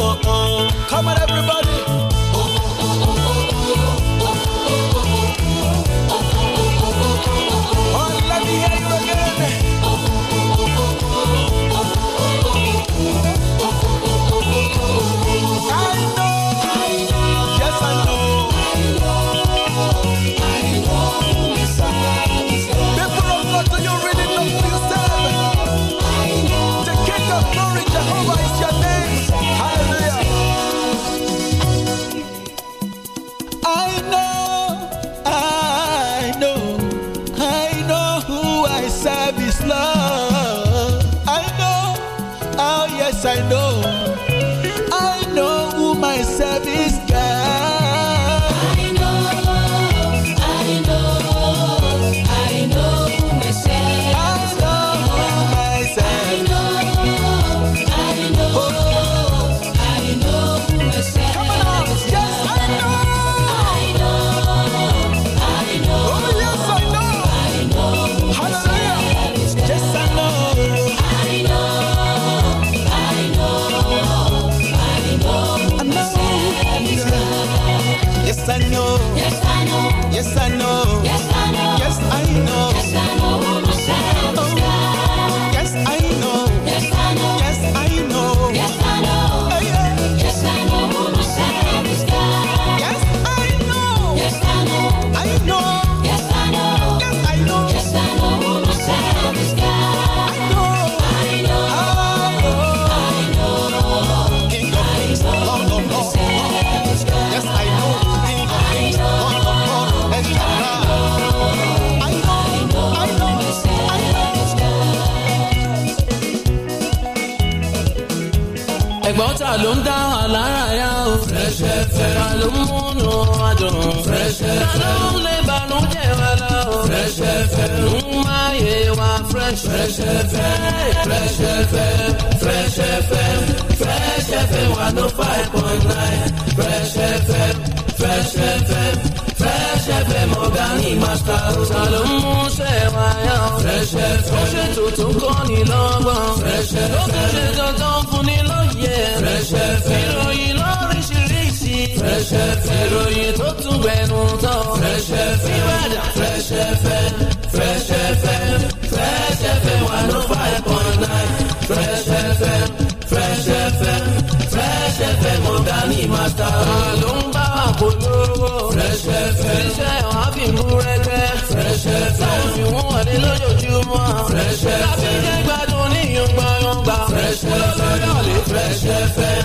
oh, oh. Come on, everybody. fresh fm fresh fm fresh fm fresh fm one oh five point nine fresh fm fresh fm fresh fm ọ̀gáàní màtà ọ̀sà ló ń múṣẹ́ wáyà ọ̀ fresh fm ó ṣe tuntun kọ́ ni lọ́gbọ̀n fresh fm ó tún ṣe dandan fún ni lóye fresh fm ìròyìn lóríṣiríṣi fresh fm ìròyìn tó tún gbẹnu tán fresh fm ìbàdàn fresh fm. ló ń bá wa polówó. Fresh FM wọ́n á fi mú rẹ́tẹ́. Fresh FM táwọn fi mú wọlé lójoojúmọ́. Fresh FM láti jẹ́ gbádùn ní ìyọ̀ngbọ̀nyọ̀ngbà. Fresh FM lọ́lọ́yọ̀ lè Fresh FM.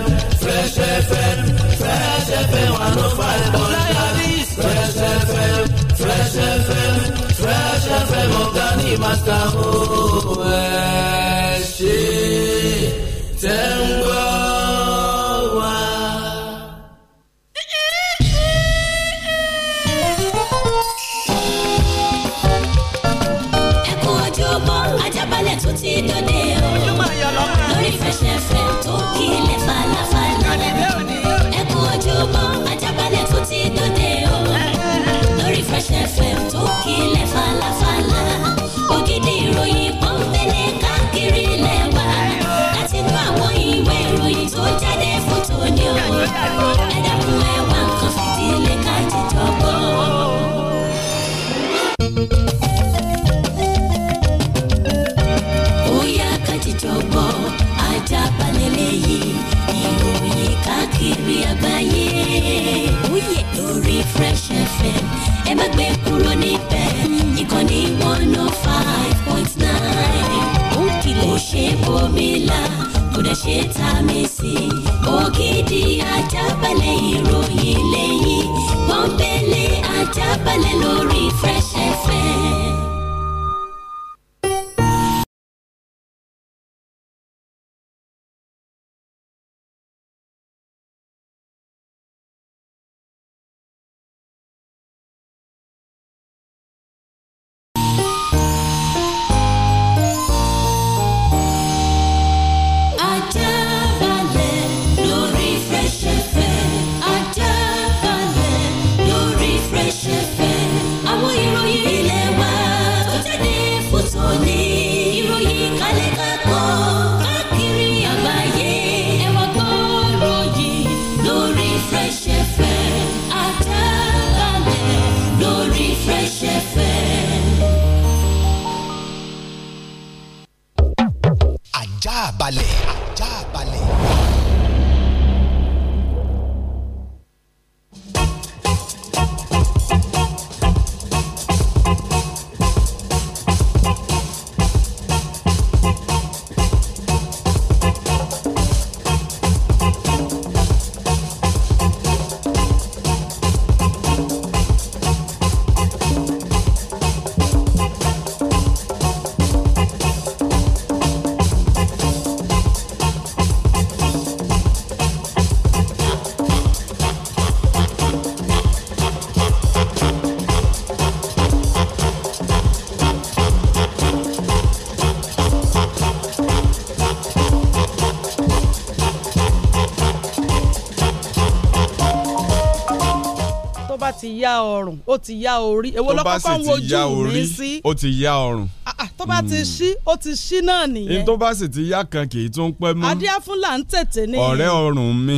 ti yá ọrùn ó ti ya orí èwo lọ́kọ́kọ́ ń wojú mi sí. ó ti yá ọrùn. Ah, ah, tó bá ti hmm. ṣí ó ti ṣí náà nìyẹn. ní tó bá sì ti yá kan kì í tún pẹ́ mọ́. adíá fúlà ń tètè ní. ọ̀rẹ́ ọrùn mi.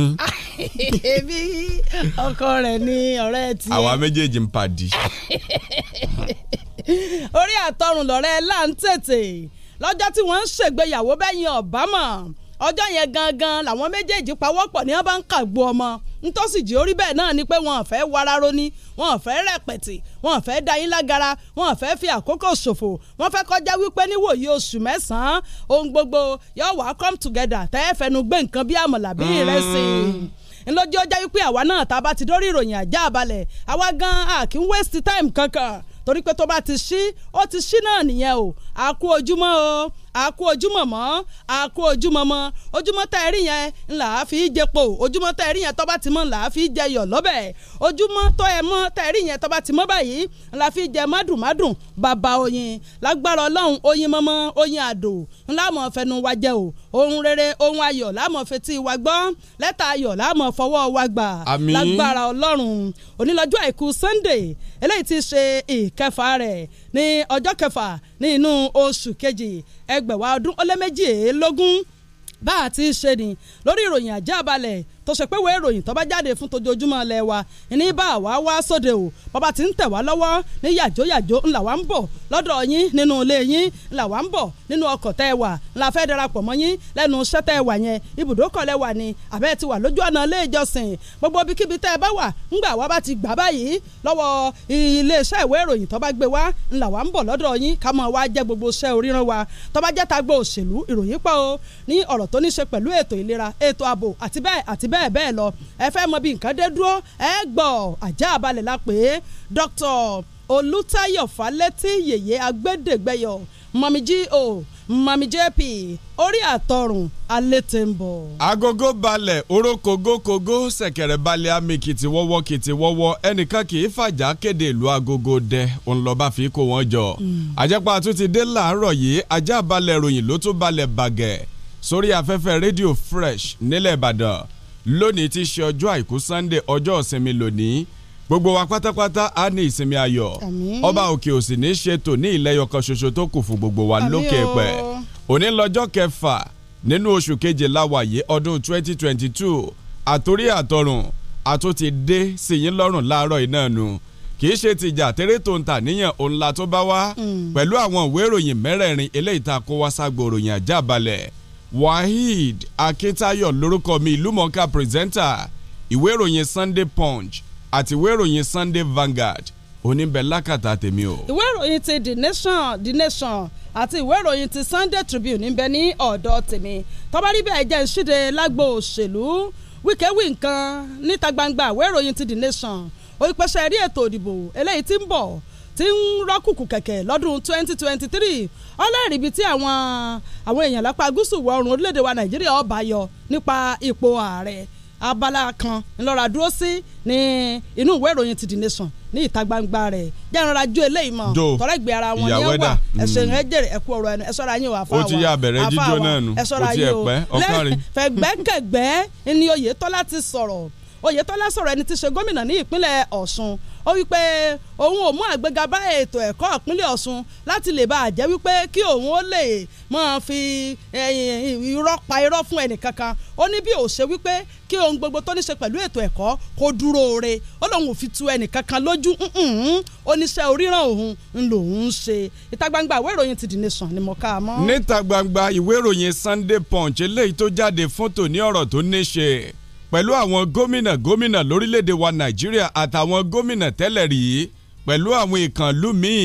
ebi ọkọ rẹ̀ ni ọ̀rẹ́ tiẹ̀. àwa méjèèjì ń pàdí. orí àtọrùn lọ̀rẹ́ là ń tètè lọ́jọ́ tí wọ́n ń ṣègbéyàwó bẹ́yìn ọ̀bámọ̀ ọjọ́ yẹn gangan làwọn méjèèjì pawọ́pọ̀ ni wọ́n bá ń kàgbó ọmọ ntọ́sí jí orí bẹ́ẹ̀ náà ni pé wọ́n fẹ́ wararo ni wọ́n fẹ́ rẹpẹ̀tì wọ́n fẹ́ dayín lágara wọ́n fẹ́ fi àkókò ṣòfò wọ́n fẹ́ kọjá wípé níwòye oṣù mẹ́sàn-án ohun gbogbo yóò wá come together tẹ́ ẹ fẹnu gbé nǹkan bí àmàlà bí mm. ìrẹsì ńlọjọ́ jáwé pé àwa náà tá a bá ti dórí ìròyìn àjá àbalẹ̀ àwa gan a kì í waste time kankan torí pé tó bá ti ṣí ó ti ṣí náà nìyẹn o àkú ojúmọ́ o àkó ojúmọ̀ mọ́ àkó ojúmọ̀ mọ́ ojúmọ̀ tá ẹ rí yẹn ńlá fi jẹpo ojúmọ̀ tá ẹ rí yẹn tọ́ba ti mọ́ ńlá fi jẹyọ̀ lọ́bẹ̀ ojúmọ̀ tọ́ ẹ mọ́ tá ẹ rí yẹn tọ́ba ti mọ́ báyìí ńlá fi jẹ mádùnmádùn bàbá oyin lágbára ọlọ́run oyin mọ́mọ́ oyin àdò ńlá mọ̀ fẹnu wa o ohun rere ohun ayọ̀ láàmú fetí wa gbọ́ lẹ́tà ayọ̀ láàmú fọwọ́ wa gbà lágbára ọlọ́run onílọ́jọ́ àìkú Sunday eléyìí ti ṣe ìkẹfà rẹ̀ ní ọjọ́ kẹfà ní inú oṣù kejì ẹgbẹ̀wá ọdún ó lé méjìlélógún bá a ti ṣe ni lórí ìròyìn àjàbalẹ̀ tó ṣe pé wẹ́ẹ́ ìròyìn tó bá jáde fún tojoojúmọ́ ilẹ̀ wa ní bá àwa wá sóde o bàbá tí ń tẹ̀ wá lọ́wọ́ ní yàjóyàjó ńlá wa ń bọ̀ lọ́dọ̀ yín nínú ilé yín ńlá wa ń bọ̀ nínú ọkọ̀ tẹ́ ẹ wà ńlá fẹ́ darapọ̀ mọ́ yín lẹ́nu iṣẹ́ tẹ́ ẹ wà yẹn ibùdókọ̀ lẹ wà ní àbẹ́ ti wà lójú ọ̀nà ilé ìjọsìn gbogbo ibikíbi tẹ́ ẹ bá wà ńgbà wa bá ti gbà báyìí lọ́wọ́ ilé iṣẹ́ ìwé ìròyìn tó bá gbé wá ńlá wa ń bọ̀ lọ́dọ̀ yín ká mọ̀ wá jẹ́ gbogbo iṣẹ́ oríran wa tó bá jẹ́ gbọ́ òṣèlú ìròyìn pọ̀ ní ọ̀rọ̀ tó ní bẹ́ẹ̀ bẹ́ẹ̀ lọ ẹ fẹ́ mọ bí nǹkan dé dúró ẹ gbọ́ àjá àbálẹ̀ la pé Dr. Olùtayọ̀ Fálétí yèyé agbẹ́dẹ́gbẹ́yọ mọ̀mí G.O mami jp orí àtọrùn alẹ́ ti ń bọ̀. agogo balẹ̀ orokogokogo ṣẹ̀kẹ̀rẹ̀ balẹ̀ amikiti wọ́wọ́ kìtì wọ́wọ́ ẹnìkan kì í fàjà kéde ìlú agogo dẹ òun lọ́ba fi kó wọn jọ. Mm. àjẹpá tún ti dé láàárọ̀ yìí ajá balẹ̀ ròyìn ló tún balẹ̀ bàgẹ́ sórí afẹ́fẹ́ rédíò fresh nílẹ̀ ìbàdàn lónìí ti ṣe ọjọ́ àìkú Sunday ọjọ́ ìsinmi lónìí gbogbo wa pátápátá a ní ìsinmi ayọ̀ ọba òkè òsì ní ṣètò ní ìlẹ́yọkan ṣoṣo tó kù fún gbogbo wa lókè pẹ̀ òní lọ́jọ́ kẹfà nínú oṣù kejìlá wàyí ọdún 2022 àtòrí àtọrùn àtúntì dé sí yín lọ́rùn láàárọ̀ iná nu kì í ṣe tìjà tẹ́rẹ́ tó ń tà níyàn òun la tó bá wá mm. pẹ̀lú àwọn ìwé ìròyìn mẹ́rẹ̀ẹ̀rin eléyìí tá a kó wá ságbó ìròyìn waheed akintayo lórúkọ mi ìlúmọ̀ọ́ká pírẹsẹ́ńtà ìwé ìròyìn sunday punch àti ìwé ìròyìn sunday vanguard oníbẹ̀ lákàtà tèmi o. ìwé ìròyìn ti the nation the nation àti ìwé ìròyìn ti sunday tribune níbẹ̀ ní ọ̀dọ̀ tèmi tọ́ba rí bẹ́ẹ̀ jẹ́ ìṣíde lágbo òṣèlú wíkẹ́ wí nǹkan níta gbangba ìwé ìròyìn ti the nation òyìnbó ṣe rí ètò òdìbò eléyìí ti ń bọ̀ tí ń rọ́kùkù kẹ̀kẹ́ lọ́dún 2023 ọlẹ́rìí ibi tí àwọn àwọn èèyàn lápá gúúsù wọ ọrùn orílẹ̀-èdè wa nàìjíríà ọba yọ nípa ipò ààrẹ abala kan ńlọra dúró sí ní inú ìwé ìròyìn ti The Nation ní ìta gbangba rẹ̀ jẹ́ ìrora ju eléyìí mọ̀ tọ́lá ìgbé ara wọn ní ẹ̀wà ẹ̀sọ̀ ìrìn ẹ̀jẹ̀rẹ̀ ẹ̀kú ọ̀rọ̀ ẹ̀nu ẹ̀sọ̀ ara yín wà fáwọn àfáwọn ẹ̀sọ̀ ara yín o lẹ́yìn fẹ̀gbẹ́kẹ̀gbẹ́ ni Oyètọ́lá ti sọ̀rọ̀ Oyètọ́lá sọ̀rọ̀ ẹni tí ṣe gómìnà ní ìpínlẹ̀ Ọ̀ṣun ó wípé òun ò mú àgbéga bá ètò ẹ̀kọ́ ìpínlẹ̀ Ọ̀ṣun láti lè bá a jẹ́ wípé kí òun ó lè máa fi eh, irọ́ pa irọ́ fún ẹnìkankan ó ní bí ò ṣe wípé kí ohun gbogbo tó ní ṣe pẹ̀lú ètò ẹ̀kọ́ kó dúró re ó lóun ò fi tu ẹnìkankan lójú oníṣẹ́ oríran òun ń lòun ń ṣe ìta gbangba ìwé ìròyìn ti The Nation ni mo ká a mọ́. níta gbangba ìwé ìròyìn Sunday Punch eléyìí tó jáde fún tòní ọ̀rọ̀ tó ní ṣe pẹ̀lú àwọn gómìnà gómìnà lórílẹ̀‐èdè wa nàìjíríà àtàwọn gómìnà tẹ́lẹ̀ rí pẹ̀lú àwọn ìkànlú míì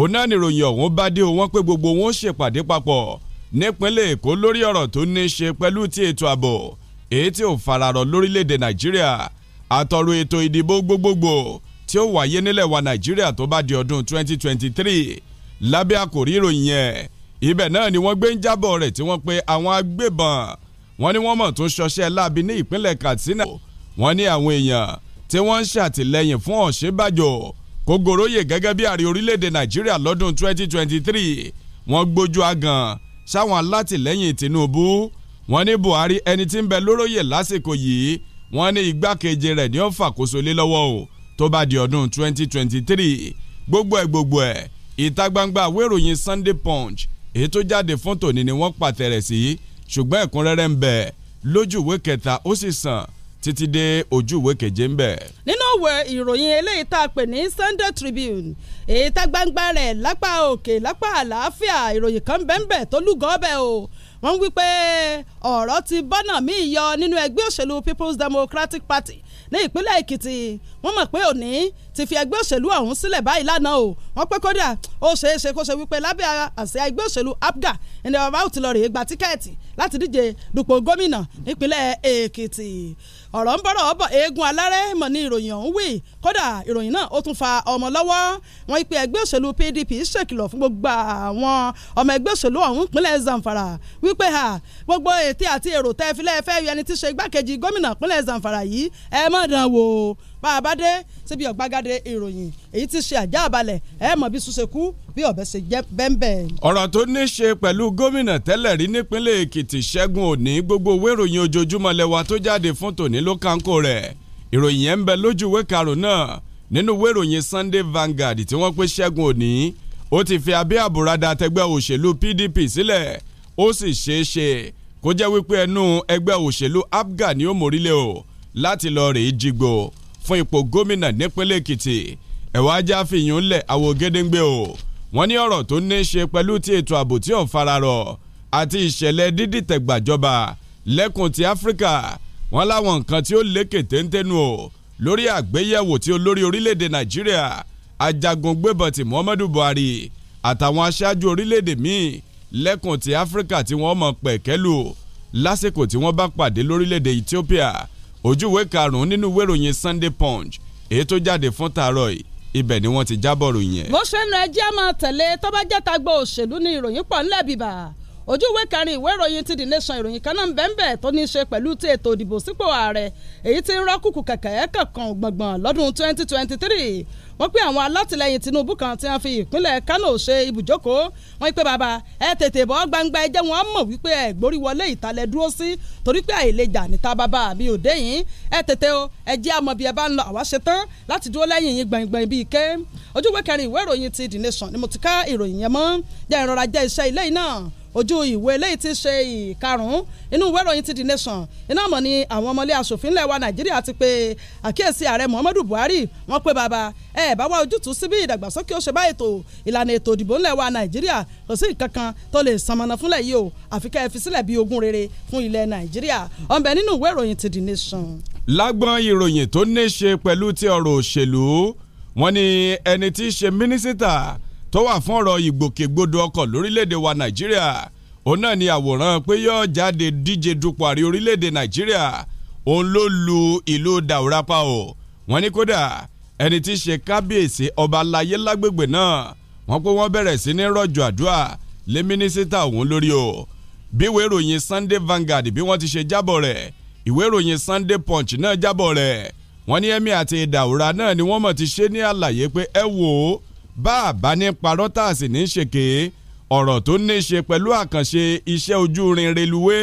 òun náà nìròyìn ọ̀hún bá dé wọn pé gbogbo wọn ó ṣèpàdé papọ̀ nípínlẹ̀ èkó lórí ọ̀rọ̀ tó ní í ṣe pẹ̀lú ti ètò ààbò èyí tí ò fararọ̀ lórílẹ̀‐èdè nàìjíríà àtọ̀rọ̀ ètò ìdìbò gbogbogbò tí ó wáyé nílẹ̀ wa nàìjíríà tó bá di ọdún 2023 lábẹ́ àkòrí ìròyìn yẹn ibẹ̀ náà ni wọ́n gbé ń jábọ̀ rẹ̀ tí wọ́n pe àwọn agbébọn wọ́n ní wọ́n mọ̀ tó ṣọṣẹ́ láabi ní ìpínlẹ̀ Katsina wọ́n ní àwọn èèyàn tí wọ́n ń ṣàtìlẹ́yìn fún Ọ̀ṣínbàjò kó goróyè gẹ́gẹ́ bí ààrẹ orílẹ̀-èdè Nàìjíríà lọ́dún 2023 wọ́n gbójú agàn sáwọn alátìlẹ́yìn Tinubu wọ́n ní Buhari ẹni tí ń bẹ lóróyè lásìkò yìí wọ́n ní igbákejì rẹ̀ ni ó fàkóso lé lọ́wọ́ o tó bá di ọdún 2023 gbogbo ẹ̀ gbogbo ẹ̀ ìta gbangba àwéròyìn Sunday Punch èyí tó jáde fún tòní ni wọ́n pàtẹ́rẹ̀ sí ṣùgbọ́n ẹ̀kúnrẹ́rẹ́ ń bẹ lójú ìwé kẹta ó sì sàn títí dé ojú ìwé keje ń bẹ. nínú òwe ìròyìn eléyìí tá a pè ní Sunday Tribune èyí tá gbangba rẹ̀ lápá òkè lápá àlàáfíà ìròyìn kan bẹ́ẹ̀ tó lúgọ́ bẹ́ẹ̀ o wọ́n wí pé ọ̀rọ̀ ti bọ́nà míì yọ nínú ẹgbẹ́ òṣèlú People's Democratic Party ní ìpínlẹ̀ Èkìtì wọ́n mọ̀ pé òní ti fi ẹgbẹ́ òṣèlú ọ̀hún sílẹ̀ báyìí lánàá o wọ́n pé kódà ó ṣeé ṣe kó ṣe wípé lábẹ́ àsíá ẹgbẹ́ òṣèlú APGA ẹni ọba ò ti lọ rèé gba tíkẹ́ẹ̀tì láti díje dupò gómìnà nípínlẹ̀ Èkìtì ọ̀rọ̀ ń bọ̀rọ̀ ọ̀bọ̀ eégún alárẹ́ mọ̀ ní ìròyìn ọ̀hún wí kódà ìròyìn náà ó tún fa ọmọ lọ́wọ́ wọn ipe ẹgbẹ́ òṣèlú PDP ṣèkìlọ̀ fún gbogbo àwọn ọmọ ẹgbẹ́ òṣèlú ọ̀hún pínlẹ̀ Zamfara wípé ha gbogbo ète àti èrò tẹ́filẹ́ fẹ́ yọ ẹni tí ṣe igbákejì gómìnà pínlẹ̀ Zamfara yìí ẹ má dán wò bá a bá dé síbi ọ̀gbagadé ìròyìn èyí tí ṣe àjá àbalẹ̀ ẹ mọ̀ bí sùn ṣe kú bí ọ̀bẹ ṣe jẹ́ bẹ́ńbẹ́. ọ̀rọ̀ tó ní ṣe pẹ̀lú gómìnà tẹ́lẹ̀ rí nípínlẹ̀ Èkìtì Ṣẹ́gun Òní gbogbo ìwé ìròyìn ojoojúmọ́ lẹ́wà tó jáde fún tòní ló kánkó rẹ̀ ìròyìn yẹn ń bẹ lójú ìwé karùn náà nínú ìwé ìròyìn Sunday Vanguard tí wọ́n pè Ṣẹ́gun Òní ó ti fi abẹ́ àbúradà tẹgbẹ́ òṣèlú PDP sílẹ̀ ó sì ṣeé ṣe kó jẹ́ wípé ẹnu ẹgbẹ́ òṣèlú APGA ni ó mórílẹ̀ o láti lọ rèé jígbó fún ipò gómìnà nípínlẹ̀ Èkìtì ẹ̀wọ̀n ajá fìyún lẹ̀ àwò gédéǹgbé o wọ́n ní ọ̀rọ̀ tó ní í ṣe pẹ̀lú ti ètò ààbò tí ò fararọ̀ àti ìṣẹ̀lẹ̀ dídìtẹ̀gbàjọba lẹ́kùn ti Áfíríkà wọ́n láwọn nǹkan tí ó lékè téńténu o lórí àgbéyẹ̀wò tí olórí orílẹ̀-èdè Nàìjíríà ajagun gbébọn ti Muhammadu Buhari àtàwọn aṣáájú orílẹ̀-èdè míì lẹ́kùn ti Áfíríkà tí wọ́n mọ̀ pẹ̀kẹ́lù lásìkò tí wọ́n bá pàdé lórílẹ̀-èdè Ethiopia ojú ìwé karùn-ún nínú ìwé ìròyìn Sunday Punch èyí tó jáde fún tààrọ̀ yìí ibẹ̀ ni wọ́n ti jábọ̀ ròyìn ẹ̀. bó ṣe ń rẹ jẹ́ máa tẹ̀lé tó bá gbọ́ òṣèlú ni ìròyìn pọ̀ ńlẹ̀ bíbà ojú ìwé kẹrin ìwé ìròyìn ti the nation ìròyìn kan náà ń bẹ́ẹ̀ tó ní í ṣe pẹ̀lú ti ètò ìdìbò sípò ààrẹ èyí tí ń rọ́kùkù kẹ̀kẹ́ kankan gbọ̀ngbọ̀n lọ́dún 2023 wọ́n pé àwọn alátìlẹyìn Tinubu kan tí wọ́n fi ìpínlẹ̀ Kano ṣe ibùjókòó wọ́n pé bàbá ẹ tètè bọ́ gbangba ẹ jẹ́ wọ́n mọ̀ wípé ẹ gbórí wọlé ìtàlẹ̀ dúró sí torí pé àìlèjà níta bàbá mi ò dé yín ẹ tètè o ẹ jẹ́ àmọ́ bí ẹ bá ń lọ àwa ṣe tán láti dúró lẹ́yìn yín gbẹ̀ngbẹ̀ng bíi ké ojúwé kẹrin ìwé ìròyìn ti The Nation ni mo ti ká ìròyìn yẹn mọ́ jẹ́ ìrora jẹ́ iṣẹ́ ilé yìí náà ojú ìwé eléyìí ti ṣe ìkarùn-ún inú ìwé ìròyìn ti The Nation iná mọ̀ ni àwọn ọmọlé asòfin ilẹ̀ Nàìjíríà ti pe àkíyèsí ààrẹ Muhammadu Buhari wọ́n pe bàbá ẹ bá wá ojútùú síbi ìdàgbàsókè ó ṣe bá ètò ìlànà ètò ìdìbò ńlẹ̀ Nàìjíríà kò sí nǹkan kan tó lè sanmọ́nà fúnlẹ̀ yìí o àfi fi sílẹ̀ bí ogún rere fún ilẹ̀ Nàìjíríà ọ̀nbẹ nínú ìwé ìròyìn ti The Nation. lágbọ́n ìròyìn tó ní ṣe pẹ̀lú ti ọ̀rọ̀ òṣèlú wọ́n ní ẹni tí í ṣe mínísítà tó wà fún ọ̀rọ̀ ìgbòkègbodò ọkọ̀ lórílẹ̀‐èdè wa nàìjíríà òun náà ni àwòrán pé yóò jáde díje dupò àrí orílẹ̀‐èdè nàìjíríà òun ló lu ìlú dàwúrápá o wọ́n ní kódà ẹni tí í ṣe kábíyèsí ọba aláyé lágbègbè náà wọ́n pé wọ́n bẹ̀rẹ̀ sí ní rọ̀jò àdúrà lé mínísítà òun lórí o bí ìwé ìròyìn Sunday Vanguard bí wọ́n ti ṣe jábọ̀ rẹ̀ ìwé ìròyìn Sunday Punch náà jábọ̀ rẹ̀ wọ́n ní Emir àti Daura náà ni wọ́n mọ̀ ti ṣe ní àlàyé pé ẹ wò bá a bá ní parọ́ tá a sì ní ṣèké ọ̀rọ̀ tó ní í ṣe pẹ̀lú àkànṣe iṣẹ́ ojú irin reluwé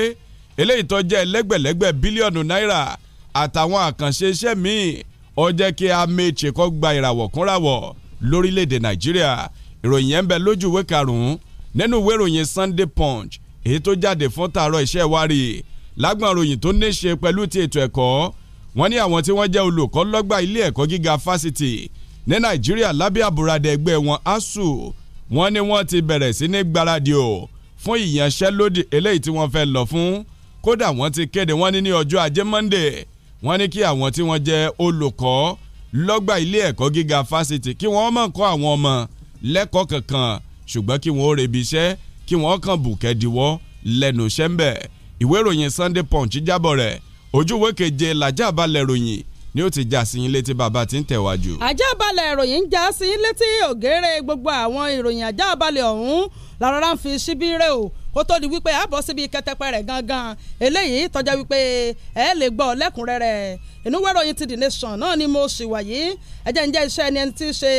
eléyìí tó jẹ́ lẹ́gbẹ̀lẹ́gbẹ̀ bílíọ̀nù náírà àtàwọn àkànṣe iṣẹ́ míì ó jẹ́ kí amèche kọ́ gba ìràwọ̀ kúnràwọ̀ lórílẹ̀‐èdè nàìjíríà ìròyìn yẹn ń bẹ lójú ìwé karùn-ún nínú ìwé ìròyìn Sunday Punch èyí tó jáde fún tààrọ̀ iṣẹ́ ìwárì lágbọ̀n ìròyìn tó ní ṣe pẹ̀lú ti ètò ẹ̀kọ́ wọ́n ní àwọn tí wọ́n jẹ́ olùkọ́ lọ́gbà ilé ẹ̀kọ́ gíga fásitì ní nàìjíríà lábẹ́ àbúradà ẹgbẹ́ wọn ASUU wọ́n ní wọ́n ti bẹ̀rẹ̀ sí ní gbáradì o fún ìyanṣẹ́lódì eléyìí tí wọ́n fẹ́ lọ fún kódà wọ́n ti kéde wọ́n ní ní ọjọ́ ajé Monday wọ́n ní kí àwọn tí wọ́n jẹ́ olùkọ́ lọ́gbà ilé ẹ̀kọ́ gíga fásitì kí wọ́n má kọ́ àwọn ọmọ lẹ́kọ̀ọ́ kankan ṣùgbọ́n kí wọ́n rebi iṣẹ́ kí wọ́n kàn bùkẹ́ diwọ́ lẹ́nu iṣẹ́ ń bẹ̀ ìwé ìròyìn Sunday Punch jábọ̀ rẹ̀ ojú keje làjà balẹ̀ ròyìn ni ó ti já sí yín létí bàbá tí ń tẹ̀wájú. àjàbalẹ̀ ìròyìn já sí létí ògèrè gbogbo àwọn ìròyìn àjàbalẹ̀ ọ̀hún lárọ́rá ń fi síbí rè o kó tó di wípé àbọ̀ síbi kẹtẹpẹ rẹ̀ gangan eléyìí tọ́já wípé ẹ lè gbọ́ lẹ́kùnrẹ́rẹ́ inú wẹ́rọ yìí ti The Nation náà ni mo sì wà yìí ẹjẹ́ ń jẹ́ iṣẹ́ ẹni ẹni tí í ṣe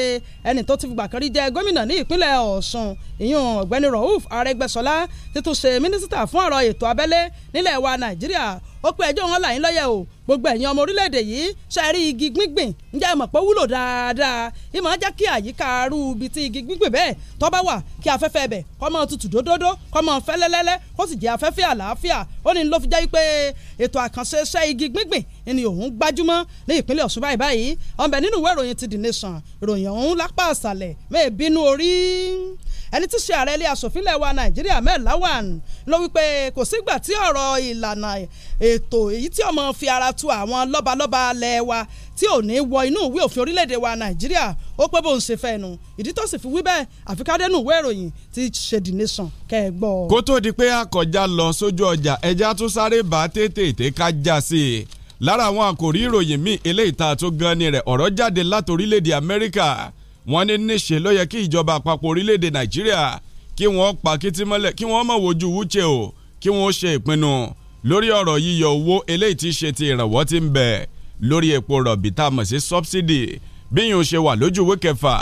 ẹni tó ti fìgbà kan rí gómìnà ní ìpínlẹ̀ Ọ̀ṣun ìyún ọ̀gbẹ́ni Rauf Arẹ́gbẹ́ṣọlá títún ṣe mínísítà fún ọ̀rọ̀ ètò abẹ́lé nílẹ̀ wa Nàìjíríà ó pé ẹjọ́ wọn là ń lọ́yẹ̀ o gbogbo ẹ̀yin ọmọ orílẹ̀-èdè yìí ṣàrí igi gbíngbìn ǹjẹ́ ẹ mọ̀ pé wúlò dáadáa ìmọ̀ jẹ́ kí àyíká arú ibi tí igi gbíngbìn bẹ́ẹ̀ tó bá wà kí afẹ́fẹ́ bẹ̀ kó máa tutù dódódó kó máa fẹ́ lẹ́lẹ́lẹ́ kó sì jẹ́ afẹ́fẹ́ àlàáfíà ó ní ló fi jẹ́ wípé ètò àkànṣe iṣẹ́ igi gbíngbìn ni òun gbájúmọ́ ní ìpínlẹ̀ Ọ̀ṣun báyìí báyìí ọ̀nbẹ nínú ìwé ìròyìn ti The Nation ìròyìn ọ̀hún lápá àṣàlẹ̀ mẹ́ẹ̀ẹ́bínú orí ẹni tí ṣe ààrẹ ilé asòfin lẹ́wà nàìjíríà Ahmed Lawan ló wípé kò sígbà tí ọ̀rọ̀ ìlànà ètò èyí tí ọmọ fi ara tu àwọn lọ́balọ́ba lẹ́wà tí ò ní wọ inú ìwé òfin orílẹ̀-èdè wa nàìjíríà ó pé bó ń ṣe fẹ́ nu ìdí tó sì fi wí bẹ́ẹ̀ àfikádẹ́nu ìwé ìròyìn ti ṣe the nation kẹ́ kó tó di pé akọjá lọ sójú ọjà ẹja tún sáré bá tètè ká já sí i lára àwọn àkòrí ìròyìn míì eléyìí tá a tó gan ni rẹ̀ ọ̀rọ̀ jáde láti orílẹ̀-èdè amẹ́ríkà wọ́n ní níṣe ló yẹ kí ìjọba àpapọ̀ orílẹ̀-èdè nàìjíríà kí wọ́n pa kìtì mọ́lẹ̀ kí wọ́n mọ̀ wojú wúche o kí wọ́n ṣe ìpinnu lórí ọ̀rọ̀ yíyọ owó eléyìí tí ṣe ti ìrànwọ́ ti ń bẹ̀ lórí epo rọ̀bì tá a mọ̀ sí subsidy bí yìí ń ṣe wà lójú ìwé kẹfà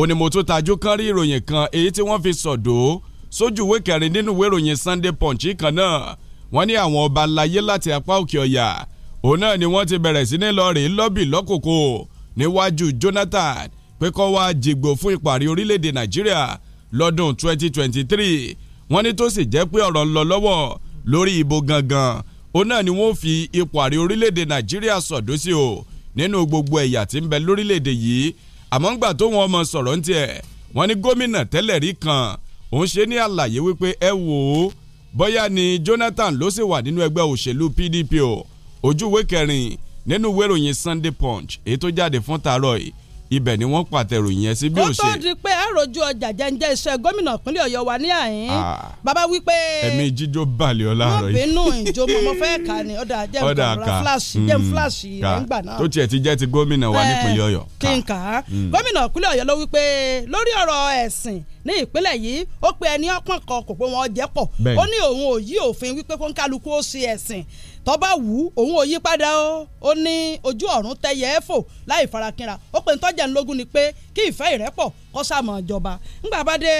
òní mo tún tajú kán rí ìròyìn kan èyí tí wọ́n fi sọ̀dọ̀ sójú ìwé kẹrin nínú ìwé ìròyìn Sunday Punch kan náà wọ́n ní àwọn ọba láyé láti apá òkè ọ̀yà òun náà ni wọ́n ti bẹ̀rẹ̀ sí ní lọ́ọ̀rì lọ́bì lọ́kòkò níwájú Jonathan pé kó wá jìgbò fún ìparí orílẹ̀-èdè nàìjíríà lọ́dún 2023 wọ́n ní tó sì jẹ́ pé ọ̀rọ̀ ń lọ lọ́wọ́ lórí ìbò gangan òun náà ni wọ́n fi ipò àrí orílẹ̀-èdè nàìjíríà sọ̀dọ́ sí o nínú gbogbo ẹ̀yà tí ń bẹ lórílẹ̀-èdè yìí àmọ́ ńgbà tó wọn ọmọ sọ̀rọ̀ ń tiẹ̀ wọ́n ní gómìnà tẹ́lẹ̀ rí kan òun ṣe ní àlàyé wípé ẹ wò ó bóyá ni Jonathan ló sì wà nínú ẹgbẹ́ òṣèlú PDP o ojú ìwé kẹrin nínú ìwé ìròyìn Sunday Punch èyí tó jáde fún tàárọ̀ yìí ibẹ̀ ni wọ́n pàtẹ́rò yẹn sí bí ó ṣe. ó tó di pé àròjù ọjà jẹ́njẹ́ iṣẹ́ gómìnà ìpínlẹ̀ ọ̀yọ́ wa ní àyín ah. bàbá wípé. ẹ̀mí jíjó balẹ̀ ọ̀la rẹ̀. wọ́n bínú ìjó mọ́mọ́ fẹ́ kà ní ọ̀dà jẹ́ nǹkan fúláṣì jẹ́ hmm. fúláṣì rẹ̀ ńgbà náà. tó tiẹ̀ ti jẹ́ ti gómìnà wa nípínlẹ̀ ọ̀yọ́. kí n kà á hmm. gómìnà ìpínlẹ̀ ọ̀yọ́ ló wípé lórí ọ̀rọ̀ ẹ̀sìn ní ìpínlẹ̀ yìí ó pe ẹni ọpọ́n kan kò pé wọ́n jẹ́ pọ̀ ó ní òun ò yí òfin wípé kó ń kálukú ó ṣe ẹ̀sìn tọ́ba wù ú òun ò yí padà o ó ní ojú ọ̀run tẹyẹ ẹ láì farakínra ó pe ntọ́jà ńlógún ni pé kí ìfẹ́ ìrẹ́pọ̀ kó sàmọ̀ ìjọba ńgbà bá dé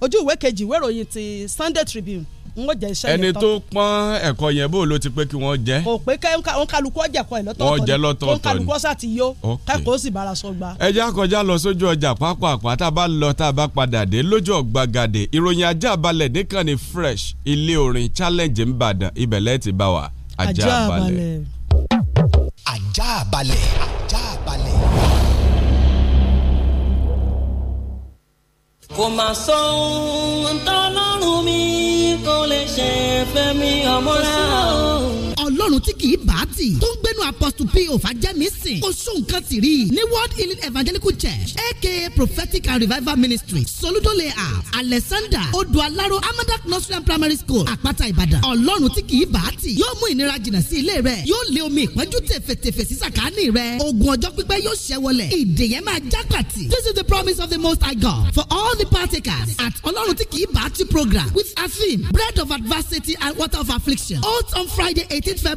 ojú ìwé kejì ìwé ìròyìn ti Sunday Tribune n ó jẹ iṣẹ́ yẹn tán. ẹni tó pọ́n ẹ̀kọ́ yẹn bó ló ti pé kí wọ́n jẹ́. kò pé kẹ́hún kálukú ọjà kan ẹ̀ lọ́tọ̀ọ̀tọ̀ ni wọ́n jẹ́ lọ́tọ̀ọ̀tọ̀ ni kálukú ọ̀sà ti yó kẹ́kọ̀ọ́ sì bára sọ gba. ẹja kọjá lọ sójú ọjà pápá àpáta bá lọ tá a bá padà dé lójú ọ̀gbagadè ìròyìn ajá balẹ̀ nìkan ni fresh ilé orin challenge ń bàdàn ibẹ̀ lẹ́ẹ̀ ti bá wa ajá balẹ̀. ajá balẹ̀ ajá balẹ̀. kò mà sọ ohun tọ́lọ́run mi kò lè ṣe fẹ́mi ọmọ náà ọlọ́run tí kì í bá tì tó ń gbénu apostle p òfàjẹ́mísìn kò sóhun kan sì rí ní world healing evangelical church aka prophetic and revival ministry soludo layout alexander odualaro amadak nursery and primary school àpáta ìbàdàn ọlọ́run tí kì í bá tì yóò mú ìnira jìnnà sí ilé rẹ yóò lé omi ìpọ́njú tẹ̀fẹ̀tẹ̀fẹ̀ sí sàkáání rẹ ogun ọjọ́ pípẹ́ yóò ṣẹ́ wọlé ìdè yẹn máa já pàtì this is the promise of the most high god for all the partakers at ọlọ́run tí kì í bá tì program with a theme bread of adversity and water of affliction out on friday eighteen february.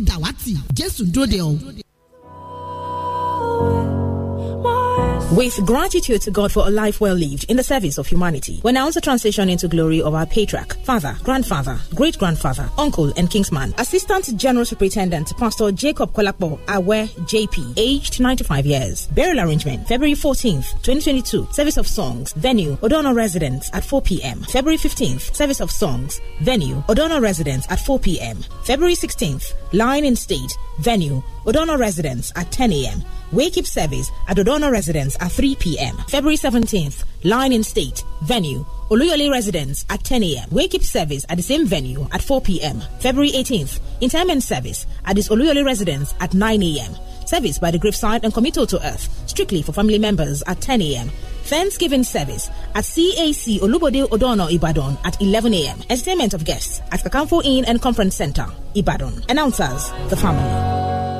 ti dàwátì jésù dúró de ọ. With gratitude to God for a life well lived in the service of humanity, we announce the transition into glory of our patriarch, father, grandfather, great grandfather, uncle, and kingsman, Assistant General Superintendent, Pastor Jacob Kolakbo Awe JP, aged 95 years. Burial arrangement, February 14th, 2022, service of songs, venue, Odono Residence at 4 p.m. February 15th, service of songs, venue, Odono Residence at 4 p.m. February 16th, line in state, venue, Odono Residence at 10 a.m. Wake up service at Odono Residence at 3 p.m. February 17th, Line in State, venue. Oluyole Residence. at 10 a.m. Wake up service at the same venue at 4 p.m. February 18th, interment service at this Oluyole residence at 9 a.m. Service by the Graveside and Committal to Earth, strictly for family members at 10 a.m. Thanksgiving service at CAC Olubode Odono Ibadan at 11 a.m. Entertainment of guests at Kakamfo Inn and Conference Center, Ibadan. Announcers, the family.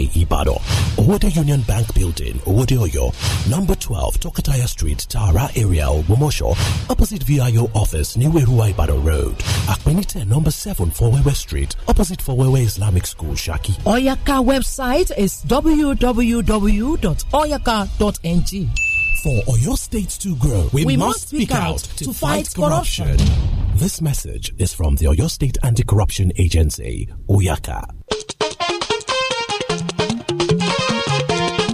Ibadan. Owode Union Bank Building, Owode Oyo. Number 12, Tokataya Street, Tara area, Ogumosho. Opposite VIO office, Niwerua Ibadan Road. Akpenite, number 7, Fowewe Street. Opposite Fowewe Islamic School, Shaki. Oyaka website is www.oyaka.ng. For Oyo State to grow, we, we must speak out to, to fight, fight corruption. corruption. This message is from the Oyo State Anti Corruption Agency, Oyaka.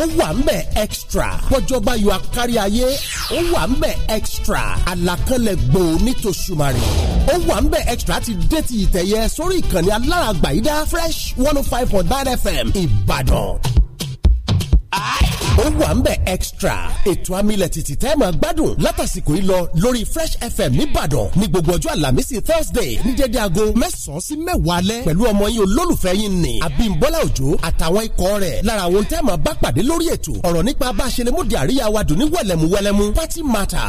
ó wà ń bẹ̀ extra bọ́jọ́ba yọ akárí ayé ó wà ń bẹ̀ extra àlàkalẹ̀ gbòò ní tòṣùmarì ó wà ń bẹ̀ extra ti dé ti ìtẹ̀yẹ sórí ìkànnì alárààgbà yìí dá fresh one oh five point nine fm ìbàdàn ó wà ń bẹ̀ extra ètò amílẹ̀ tìtì tẹ́ máa gbádùn látàsìkò yìí lọ lórí fresh fm nìbàdàn ní gbogbo ọjọ́ àlàmísì thursday ní dédé aago mẹ́sàn-án sí mẹ́wàá alẹ́ pẹ̀lú ọmọ yín olólùfẹ́ yín ni abímbọ́lá òjó àtàwọn ikọ̀ rẹ̀ lára àwọn tẹ́ máa bá pàdé lórí ètò ọ̀rọ̀ nípa bá a ṣe lè mú di àríyá wa dùn ní wẹ̀lẹ̀mú wẹ̀lẹ̀mú party matter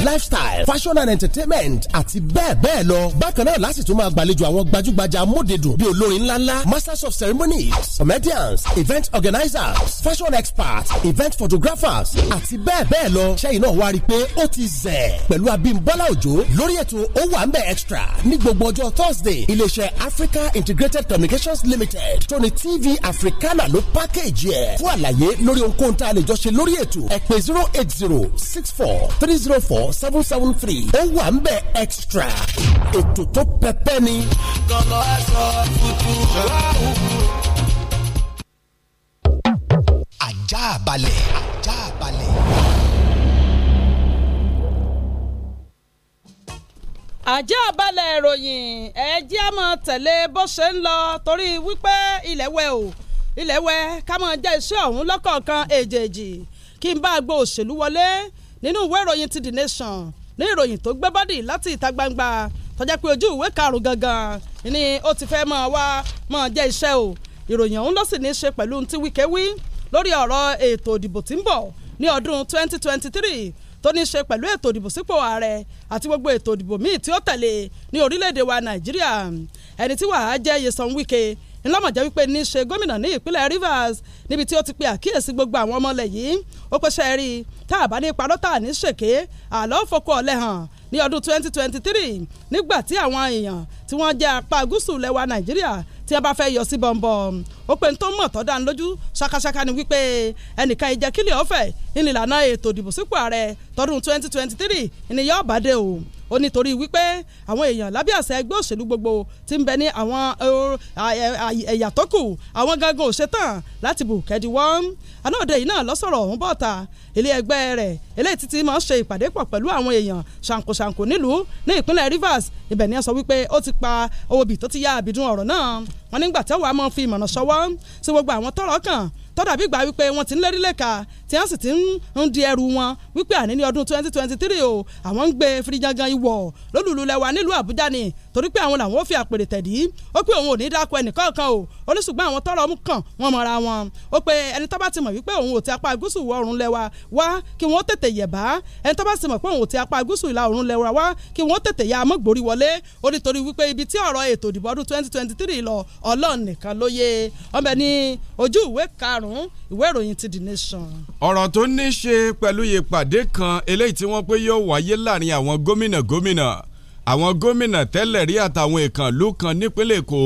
lifestyle fashion and entertainment àti bẹ́ẹ̀ bẹ́ẹ̀ lọ bákan náà láti tún máa gbàlejò àwọn gbajúgbajà amódedùn bíi olórin ńláńlá masters of ceremonies comedians event organizers fashion experts event photographers àti bẹ́ẹ̀ bẹ́ẹ̀ lọ ṣẹ́yìn náà wá rí i pé ó ti zẹ̀ pẹ̀lú Abímbọ́lá Òjó lórí ètò ó wà ń bẹ̀ extra ní gbogbo ọjọ́ Thursday iléeṣẹ́ Africa Integrated Communications Limited tóní TV Africana ló package yẹ fún àlàyé lórí ohunkóhun tá a lè jọ ṣe lórí ètò ẹ pè zero eight zero six four three zero four seven seven three ó wà ń bẹ̀ extra ètò tó pẹpẹ ni. kọ́kọ́ aṣọ tuntun wà ó kú. ajá balẹ̀ ajá balẹ̀. àjẹ́ àbálẹ̀ ìròyìn ẹ jẹ́ á máa tẹ̀lé bó ṣe ń lọ torí wípé ilẹ̀ wẹ o ilẹ̀ wẹ ká máa jẹ́ iṣẹ́ ọ̀hún lọ́kọ̀ọ̀kan èjèèjì kí n bá gbọ́ òṣèlú wọlé nínú ìwé ìròyìn ti The Nation ní ìròyìn tó gbé bọ́dì láti ìta gbangba tọ́jà pé ojú ìwé karùn-ún gangan ni ó ti fẹ́ mọ̀ wá mọ̀ jẹ́ iṣẹ́ o ìròyìn ọ̀hún ló sì ní í ṣe pẹ̀lú ti Wike wí lórí ọ̀rọ̀ ètò ìdìbò tí ń bọ̀ ní ọdún 2023 tó ní í ṣe pẹ̀lú ètò ìdìbò sípò ààrẹ àti gbogbo ètò ìdìbò míì tí ó tẹ̀lé ní orílẹ̀-èdè wa Nàìjíríà ẹni tí wàá jẹ́ Yeson Wike ńlọ́mọ̀jẹ́ wípé ní ṣe gómìnà ní ìpínlẹ̀ Rivers níbi tí ó ti pe àkíyèsí gbogbo àwọn ọmọlẹ̀ yìí ó pèsè rí tá a bá ní parọ́ tá a ní ṣèké àlọ́ fọkọ ọ̀lẹ́ hàn ní ọdún 2023 nígbà tí àwọn èèyàn tí wọ́n jẹ́ apá gúúsù lẹ́wà Nàìjíríà tí a bá fẹ́ yọ sí bọ̀m̀bọ̀m ó pé n tó mọ̀ tó dá ní lójú ṣakaṣaka ni wípé ẹnìkan ìjẹ́ kílẹ̀ ọ̀fẹ́ ìnìlànà ètò ìdìbò sípò ààrẹ tọdún 2023 ìníyàn ọ̀bàdé o ó nítorí wípé àwọn èèyàn lábẹ́ àṣẹ ẹgbẹ́ òṣèlú gbogbo ti ń bẹ ní àwọn ẹ̀yà tó kù àwọn gangan ò ṣetán láti bù kẹ́díwọ́ anáàdẹ yìí náà lọ́sọ̀rọ̀ ọ̀hún bọ́ta ilé ẹgbẹ́ rẹ̀ eléyìí títí máa ń ṣe ìpàdé pọ̀ pẹ̀lú àwọn èèyàn ṣàǹkóṣàǹkó nílùú ní ìpínlẹ̀ Rivers ibẹ̀ ni ẹ sọ wípé ó ti pa owó bì tó ti yá àbìdún ọ̀rọ̀ náà wọn nígbà tẹ́wọ̀ á máa fi ìmọ̀ràn ṣọwọ́ sí gbogbo àwọn tọ́rọ̀ kàn tọ́dà bí gbà wípé wọ́n ti ń lérí lẹ́ka tí wọ́n sì ti ń di ẹrù wọn wípé àní ní ọdún 2023 o àwọn ń gbé firijangan ìwọ̀ lólùlù lẹ́wà nílùú Àbújá ni torí pé àwọn làwọn ò fi àpèrè tẹ̀dí ó pé òun ò ní dákọ ẹnìkọ̀ọ̀kan o olùsùgbọ́n àwọn tọrọ mú kàn wọ́n mọ̀ra wọn ó pé ẹni tó bá ti mọ̀ wípé òun ò ti apá gúúsù ìwọ̀ oòrùn lẹ́wà wá kí wọ́n tètè yẹ̀bá ẹni tó bá ti mọ̀ pé òun ò ti apá gúúsù ìlà oòrùn lẹ́wà wá kí wọ́n tètè ya amógbórí wọlé ó ní torí wípé ibi tí ọ̀rọ̀ ètò ìdìbò ọdún twenty twenty three lọ ọlọ́run nìkan ló yé ọmọ ẹni ojú ìwé karùn-ún ìwé ìròyìn ti The Nation. ọ̀rọ̀ tó ní í ṣe pẹ̀lú ìpàdé kan eléyìí tí wọ́n pé yóò wáyé láàrin àwọn gómìnà gómìnà àwọn gómìnà tẹ́lẹ̀ rí àtàwọn ìkànnlú kan nípínlẹ̀ Èkó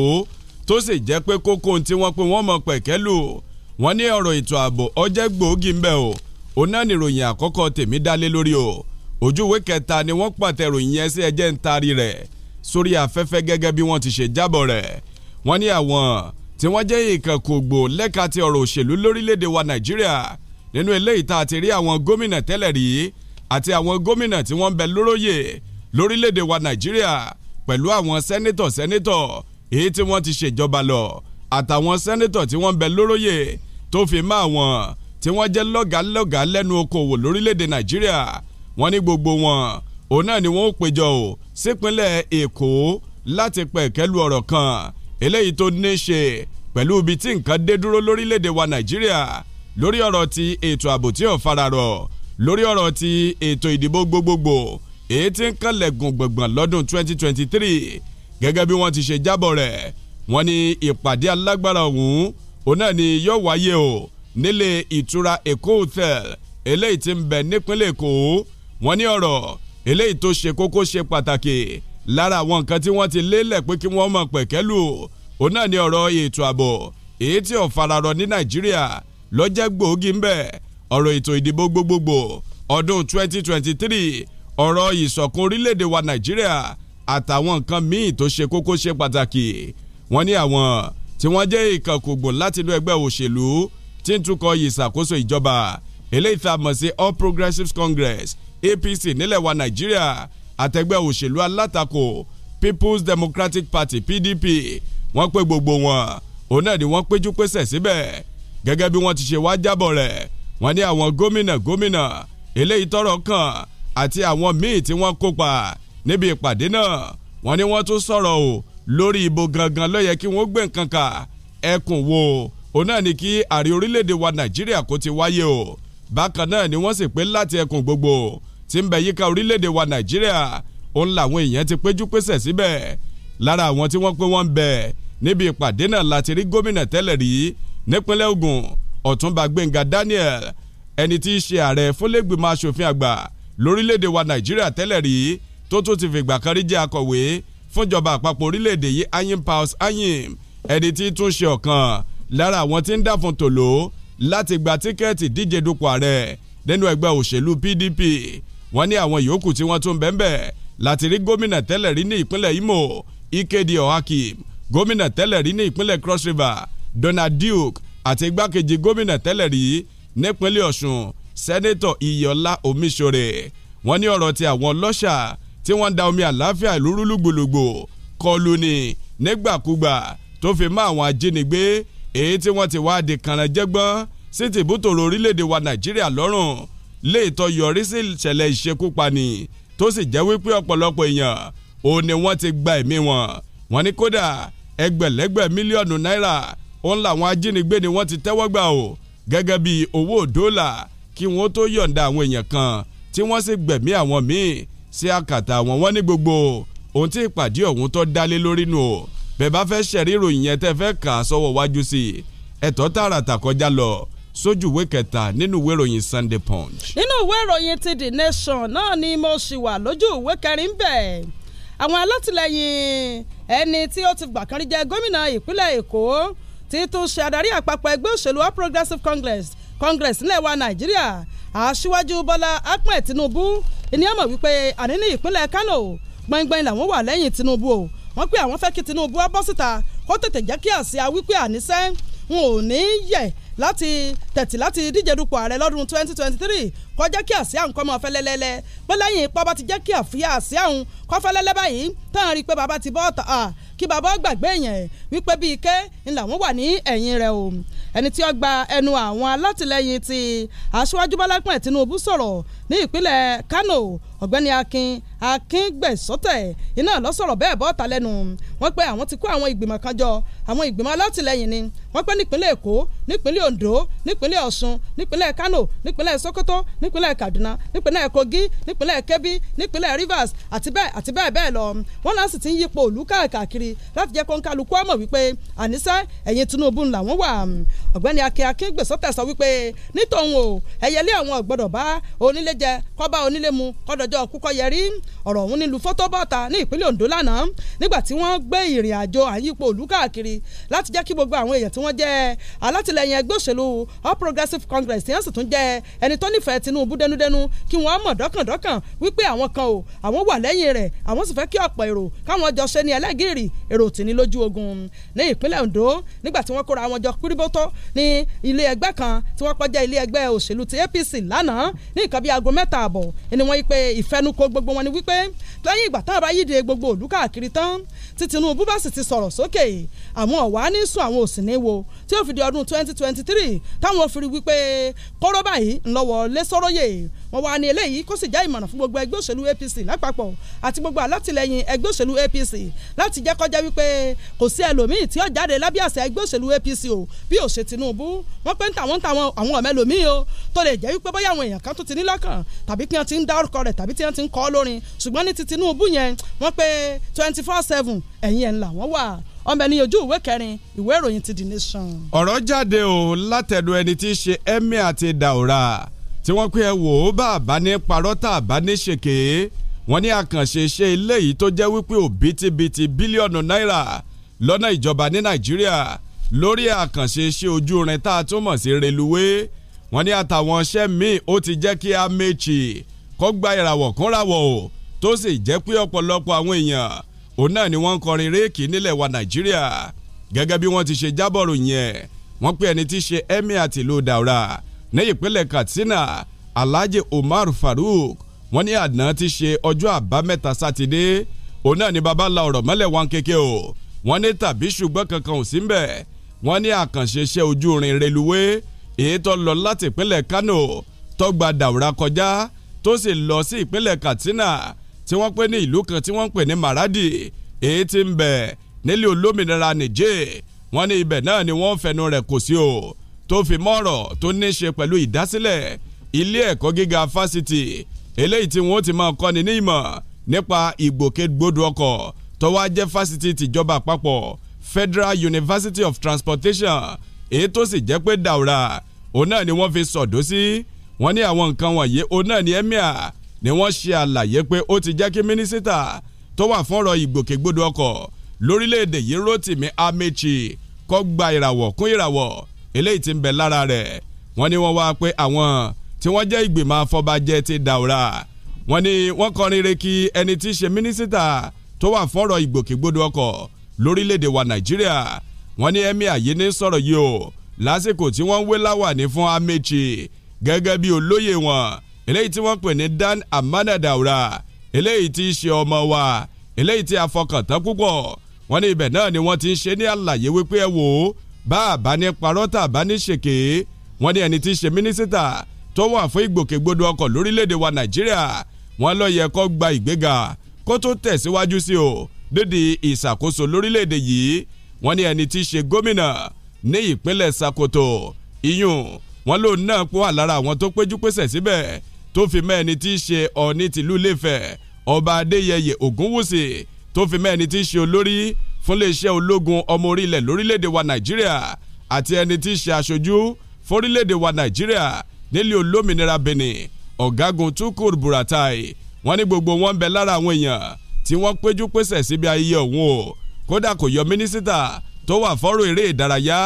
tó sì jẹ́ pé kókó ohun tí wọ́n pe wọ́n mọ̀ pẹ̀kẹ́lù wọ́n ní ọ̀rọ̀ ètò ààbò ọjẹ́ gbòógì ń bẹ o òun náà nìròyìn àkọ́kọ́ tèmi dálé lórí o ojú ìwé kẹta ni wọ́n pàtẹ ìròyìn yẹn sí ẹjẹ́ ń taari rẹ̀ sórí afẹ́fẹ́ gẹ́gẹ́ bí wọ́n ti ṣe jábọ̀ rẹ̀ wọ́n ní àwọn tí wọ́n jẹ́ ìkànkògbò lẹ́ka ti ọ̀rọ̀ òṣèlú lórílẹ̀‐èdè wa Nàìjíríà nínú eléyìí tá a ti rí àwọn gómìnà tẹ́lẹ̀ rí àti àwọn gómìnà tí wọ́n ń bẹ lóróyè lórílẹ̀‐èdè wa nàìjíríà pẹ̀lú àwọn sẹ́nẹ́tọ̀ sẹ́nẹ́tọ̀ èyí tí wọ́n ti ṣèjọba lọ àtàwọn sẹ́nẹ́tọ̀ tí wọ́n ń bẹ lóróyè tó fi mọ́ àwọn tí wọ́n jẹ́ lọ́gàálọ́gàá lẹ́nu okòwò lórílẹ̀‐èdè nàìjíríà wọ́n ní gbogbo wọn òun náà ni wọ́n ó péjọ ò sípínlẹ̀ èkó láti pẹ̀kẹ́lu ọ̀rọ̀ kan eléyìí tó ní í ṣe pẹ̀lú ibi tí nǹkan dé dúró lórílẹ̀‐èdè wa nàìjíríà lórí ọ̀rọ̀ ti ètò ààbò tí ò fararọ̀ lórí ọ̀rọ̀ ti ètò ìdìbò gbogbogbò èyí tí ń kanlẹ̀ gùn gbọ̀ngbọ̀n lọ́dún 2023 gẹ́gẹ́ bí wọ́n ti ṣe jábọ̀ rẹ̀ wọ́n ní ìpàdé alágbára ọ̀hún òun náà ni yóò wáyé o nílé ìtura Èkó hotel eléyìí tí ń bẹ nípínlẹ̀ Èkó wọ́n ní ọ̀rọ̀ eléyìí tó ṣe kókó ṣe pàtàkì lára àwọn nǹkan tí wọ́n ti lélẹ̀ pé kí wọ́n mọ̀ pẹ̀kẹ́lù òun náà ni ọ̀rọ̀ ètò ààbò èyí tí ọ̀fararọ ní Nàìjíríà lọ́jẹ́ gbòógì ń bẹ ọ̀rọ̀ ètò ìdìbò gbogbogbò ọdún 2023 ọ̀rọ̀ ìṣọ̀kan orílẹ̀-èdè wa nàìjíríà àtàwọn nǹkan míì tó ṣe kókó ṣe pàtàkì wọ́n ní àwọn tí wọ́n jẹ́ ìkànkògbò láti inú ẹgbẹ́ òṣèlú tí ń tukọ̀ ìṣàkóso ìjọba eléyìí tá a mọ̀ sí All Progressives Congress APC nílẹ̀ wa nàìjíríà àtẹgbẹ́ òṣèlú alátakò People's Democratic Party PDP wọ́n pé gbogbo wọn òun náà ni wọ́n péjú pésẹ̀ síbẹ̀ gẹ́gẹ́ bí wọ́n ti ṣe wá jábọ̀ rẹ̀ wọ́n ní àwọn gómìnà gómìnà eléyìí tọ́rọ̀ kàn àti àwọn míì tí wọ́n kópa níbi ìpàdé náà wọ́n ní wọ́n tún sọ̀rọ̀ o lórí ìbò gangan ló yẹ kí wọ́n gbé nǹkan kà ẹkùn wo òun náà ni kí ààrẹ orílẹ̀-èdè wa nàìjíríà kó ti wáyé o bákan náà ni wọ́n sì pé láti ẹkùn gbogbo tí ń bẹ yíká orílẹ̀-èdè wa nàìjíríà òun làwọn èèyàn ti péjú pésẹ̀ síbẹ̀ lára àwọn tí wọ́n pé wọ́n ń bẹ níbi ìpàdé náà láti rí gómìnà tẹ́lẹ̀ rí nípínlẹ̀ Ògùn ọ̀túnba Gbẹ́ngà Daniel ẹni tí í ṣe ààrẹ fúnlẹ́gbìmọ̀ asòfin àgbà lórílẹ̀‐èdè wa nàìjíríà tẹ́lẹ̀ rí tó tún ti fìgbà kan rí jẹ́ akọ̀wé fúnjọba àpapọ̀ orílẹ̀‐èdè yìí ayim paus ayim ẹni tí tún ṣe ọ̀kan lára àwọn tí ń dàfún tòló láti gba tíkẹ́ẹ̀tì díje dupò ààrẹ nínú ẹgbẹ́ òṣèlú PDP wọ́n ní àwọn yòókù tí wọ́n tún bẹ́ẹ̀ láti rí gómìnà tẹ́lẹ̀ rí ní ìpínlẹ̀ Imo Ikedi Ohakim gómìnà tẹ́lẹ̀ rí ní ìpínlẹ̀ Cross River Donald Duke àti igbákejì gómìnà tẹ́lẹ̀ rí nípínlẹ̀ Ọ̀ṣun sẹ́nẹ́tọ̀ Iyọ̀lá Omíṣọ̀rè wọ́n ní ọ̀rọ̀ ti àwọn ọlọ́ṣà tí wọ́n ń da omi àlàáfíà lúrúlú gbòlògbò kọlù ni nígbàkúgbà tó fi mọ́ àwọn ajínigbé èyí tí wọ́n ti wá di kànáńjẹ́gbọ́n sí tìbútòrò orílẹ̀-èdè wa Nàìjíríà lọ́rùn léètọ́ yọrí sí ìṣẹ̀lẹ̀ ìṣekúpani tó sì jẹ́ wípé ọ̀pọ̀lọpọ̀ èèyàn ó ní wọ́n ti gba ẹ̀mí wọn wọ́n ní kódà ẹgbẹ̀lẹ́gbẹ̀ mílíọ̀nù náírà òun làwọn ajínigbé ni wọ́n ti tẹ́wọ́ gbà o gẹ́gẹ́ bí owó dọ́là kí wọ́n tó yọ̀ǹda àwọn èèyàn kan tí wọ́n sì gbẹ̀mí àwọn míì sí àkàtà àwọn wọn ní gbogbo ohun tí ìpàdé ọ̀hún tó dálé lórí nù o bẹ́ẹ̀ bá fẹ́ ṣẹ̀rí ìròyìn yẹn tẹ́ fẹ́ kà á sọ́wọ́ wájú sí i ẹ̀tọ́ tààràtà kọjá lọ sójú ìwé kẹta nínú ìwé ìròyìn Sunday Punch. nínú ìwé ìròyìn ti The Nation náà ni mo ṣì wà lójú ìwé kẹrin bẹ́ẹ̀ àwọn alátìlẹyìn ẹni tí ó ti gbà kan rí jẹ gómìnà ìpínlẹ̀ Èkó ti tún ṣe adarí àpapọ̀ ẹgbẹ́ òṣèlú All Progressives Congress Congress nílẹ̀ wa Nàìjíríà aṣíwájú Bọ́lá Ahmed Tinubu ènìyàn mọ̀ wípé àní ní ìpínlẹ̀ Kano gbọ̀ngbọ̀n làwọn wà lẹ́yìn Tinubu o wọ́n pé àwọn fẹ́ kí Tinubu wá bọ́ síta kó tètè jẹ́ kí àsíá wípé àníṣẹ́ n ò ní yẹ̀ láti tẹ̀tì láti díje dupò ààrẹ lọ́dún 2023 kọjá kí àsíá nǹkan mọ́ fẹ́lẹ́lẹ́lẹ́ pé lẹ́yìn ipá bá ti jẹ́ kí àfíà àsíá òun kọ́ fẹ́lẹ́lẹ́ báyìí tán rí i pé bàbá ti bọ́ ọ̀tà kí bàbá ó gbàgbé yẹn wípé bíi ké ńlá wọn wà ní ẹ̀yìn rẹ̀ o ẹni tí ó gba ẹnu àwọn alátìlẹyìn ti aṣíwájú bọ́lá pẹ̀ Tinubu sọ̀rọ̀ ní ìpínlẹ̀ Kano ọ̀gbẹ́ni Akin akíngbẹ̀sọ́tẹ̀ iná lọ sọ̀rọ̀ bẹ́ẹ̀ bọ́ta lẹ́nu wọ́n pé àwọn ti kó àwọn ìgbìmọ̀ kan jọ àwọn ìgbìmọ̀ alátìlẹyìn ni wọ́n pé nípínlẹ̀ èkó nípínlẹ̀ ondo nípínlẹ̀ ọ̀ṣun nípínlẹ̀ kano nípínlẹ̀ sokoto nípínlẹ̀ kaduna nípínlẹ̀ kogi nípínlẹ̀ kebbi nípínlẹ̀ rivers àti bẹ́ẹ̀ àti bẹ́ẹ̀ bẹ́ẹ̀ lọ wọ́n náà sì ti ń yípo òlú káàkiri láti jẹ́ kó ń kálukú ọmọ wípé àníṣe ẹ̀yìn tinubu làwọn wà ọ̀gbẹ́ni akin akin gbèsòtẹ̀ sọ wípé nítòun o ẹ̀yẹlé àwọn ọ̀gbọ́dọ̀ bá onílé jẹ kọ́ba onílé mu kọ́dọ̀jọ́ kúkọ́ yẹrí ọ̀rọ̀ ọ̀hún nílùú fọ́tọ́bọ̀tà ní ìpínlẹ̀ Ondo lánàá nígbà tí wọ́n gbé ìrìn àjò àyípo òlú káàkiri láti jẹ́ kí gbogbo àwọn èèyàn tí wọ́n jẹ́ alátìlẹyìn ẹgbẹ́ òṣèlú All Progressives Congress tí wọ́n sì tún jẹ́ ẹni tó nífẹ̀ẹ́ Tinubu dẹnudẹnu kí wọ́n mọ̀ dọ́kàndọ́kàn wípé àwọn kan o àwọn wà lẹ́yìn rẹ̀ àwọn sì fẹ́ kí ọ̀pọ̀ èrò káwọn jọ ṣe ní ẹlẹ́gìrì èrò tì ní lójú ogun ní ìpínlẹ̀ Ondo nígbà tí wọ́n kóra àwọn jọ kúrìbótó ní ilé ẹgbẹ́ kan tí wọ́n kọjá ilé ẹgbẹ́ òṣèlú ti APC lánàá ní nǹkan bíi aago mẹ́ta àbọ̀ ni wọ́n yí pé ìfẹnukò gbogbo wọn ni wípé lẹ́yìn ìgbà tá a bá yíde gbogbo ìlú káàkiri tán tí Tinubu bá sì ti sọ̀rọ̀ sókè àwọn ọ̀wá ní sùn àwọn òsì ní wo tí ó fi di ọdún 2023 táwọn fi rí wípé kọ́rọ́ báyìí ńlọ́wọ́ lẹ́sọ́rọ́yè wọ́n wá ní eléyìí kó sì já ìmọ̀ràn fún gbogbo ẹgbẹ́ òṣèlú APC lápapọ̀ àti gbogbo alátìlẹyìn ẹgbẹ́ òṣèlú APC láti jẹ́ kọjá wípé kò sí ẹlòmíì tí ó jáde lábẹ́ àṣẹ ẹgbẹ́ òṣèlú APC o bí ó ṣe Tinubu wọ́n pé ń tàwọn tàwọn àwọn ọ̀mẹ́ lòmíì o tó lè jẹ́ wípé bóyá àwọn èèyàn kan tó ti ní lọ́kàn tàbí kí wọ́n ti ń dárúkọ rẹ̀ tàbí tí wọ́n ti ń kọ́ lórin ṣùgbọ́n ní ti Tinubu yẹn wọ́n pé twenty four seven ẹ̀yìn ẹ̀ ń là wọ́n wà ọmọ ẹni ojú ìwé kẹrin ìwé ìròyìn ti The Nation. ọ̀rọ̀ jáde o látẹ̀dọ̀ ẹni tí í ṣe emir àti daura tí wọ́n pé ẹ wò ó bá a bá ní parọ́ tá a bá ní ṣèké wọ́n ní àkànṣe iṣẹ́ ilé yìí tó jẹ́ wípé òbítíbitì bílíọ̀nù náírà lọ́nà ìjọba ní Nàìjíríà lórí àkànṣe iṣẹ́ ojú irin tá a tún mọ̀ sí reluwé wọ́n ní àtàwọn iṣẹ́ míì ó ti jẹ́ kí Amaechi kó gba ìràwọ̀ kúnrawọ̀ o tó sì jẹ́ pé ọ̀pọ̀lọpọ̀ àwọn èèyàn òun náà ni wọ́n ń kọrin réèkì nílẹ̀ wa nàìjíríà gẹ́gẹ́ bí wọ́n ti ṣe jábọ̀ ròyìn wọ́n pé ẹni tí í ṣe emir àti ìlú daura ní ìpínlẹ̀ katsina alhaji umar farouk wọ́n ní àná ti ṣe ọjọ́ àbámẹ́ta sátidé òun náà ni baba la ọ̀rọ̀ mọ́lẹ̀ wọn kéke o wọ́n ní tàbí ṣùgbọ́n kankan ò sí mbẹ̀ wọ́n ní àkànṣe iṣẹ́ ojú irin reluwé èyí tó lọ láti ìpínlẹ̀ kano tó gba daura kọjá tó sì lọ sí ìpínlẹ̀ katsina tí wọ́n pè ní ìlú kan tí wọ́n ń pè ní Maradi èyí tí ń bẹ nílẹ̀ olómìnira Niger wọ́n ní ibẹ̀ náà ni wọ́n fẹnu rẹ̀ kò sí o tó fi mọ́rọ̀ tó ní ṣe pẹ̀lú ìdásílẹ̀ ilé ẹ̀kọ́ gíga fásitì eléyìí tí wọ́n ti máa kọ́ni ní ìmọ̀ nípa ìgbòkègbodò ọkọ̀ tó wá jẹ́ fásitì tìjọba àpapọ̀ Federal University of Transportation èyí tó sì jẹ́ pé Daura òun náà ni wọ́n fi sọ̀dọ́ sí wọ́n ní àwọn nǹkan wọ̀nyí òun náà ni emir ni wọ́n ṣe àlàyé pé ó ti jẹ́ kí mínísítà tó wà fọ́nrọ̀ ìgbòkègbodò ọkọ̀ lórílẹ̀‐èdè yìí Rótìmí Amechi kó gba ìràwọ̀ kún ìràwọ̀ eléyìí tí ń bẹ lára rẹ̀ wọ́n ní wọ́n wá pé àwọn tí wọ́n jẹ́ ìgbìmọ̀ afọbajẹ ti dàwúrà wọ́n ní wọ́n kọrin re kí ẹni tí í ṣe mínísítà tó wà fọ́nrọ̀ ìgbòkègbodò ọkọ̀ lórílẹ̀‐èdè wa Nàìjíríà wọ́n ní Emir yìí ní sọ̀rọ̀ yìí o lásìkò tí wọ́n ń wé láwàní fún Amechi gẹ́gẹ́ bí olóyè wọn eléyìí tí wọ́n pè ní Dan Amana Daura eléyìí tí í ṣe ọmọ wa eléyìí tí a fọkàn tán púpọ̀ wọ́n ní ibẹ̀ náà ni wọ́n ti ń ṣe ní àlàyé wípé ẹ wò ó bá àbá ní parọ́ tà bá ní ṣèké wọ́n ní ẹni tí í ṣe mínísítà tó wà fún ìgbòkègbodò ọkọ̀ lórílẹ̀‐èdè wa Nàìjíríà wọ́n lọ yẹ kó gba ìgbéga kó tó tẹ̀síwájú sí o dídì ìṣàkóso lórílẹ̀‐èdè yìí wọ́n ní ẹni tí í ṣe gómìnà ní ìpínlẹ̀ Sokoto iyùn wọ́n lòun náà pọ̀ wà lára àwọn tó péjú pésẹ̀ síbẹ̀ tó fi mẹ́ni tí í ṣe ọ̀ní tìlú Ilé-Ifẹ̀ ọba Adéyẹyè Ògúnwùsì tó fi mẹ́ni tí í ṣe olórí fún iléeṣẹ́ ológun ọmọ orílẹ̀ lórílẹ̀‐èdè wa Nàìjíríà àti ẹni tí í ṣe aṣojú fórílẹ̀‐èdè wa Nàìjíríà nílé olómìnira Benin ọ̀gágun Tukur Buratai wọ́n ní gbogbo wọn ń bẹ lára àwọn èèyàn tí wọ́n péjú pésẹ̀ síbi ayẹyẹ ọ̀hún o kódà kò yọ mínísítà tó wà fọ́rọ̀ eré ìdárayá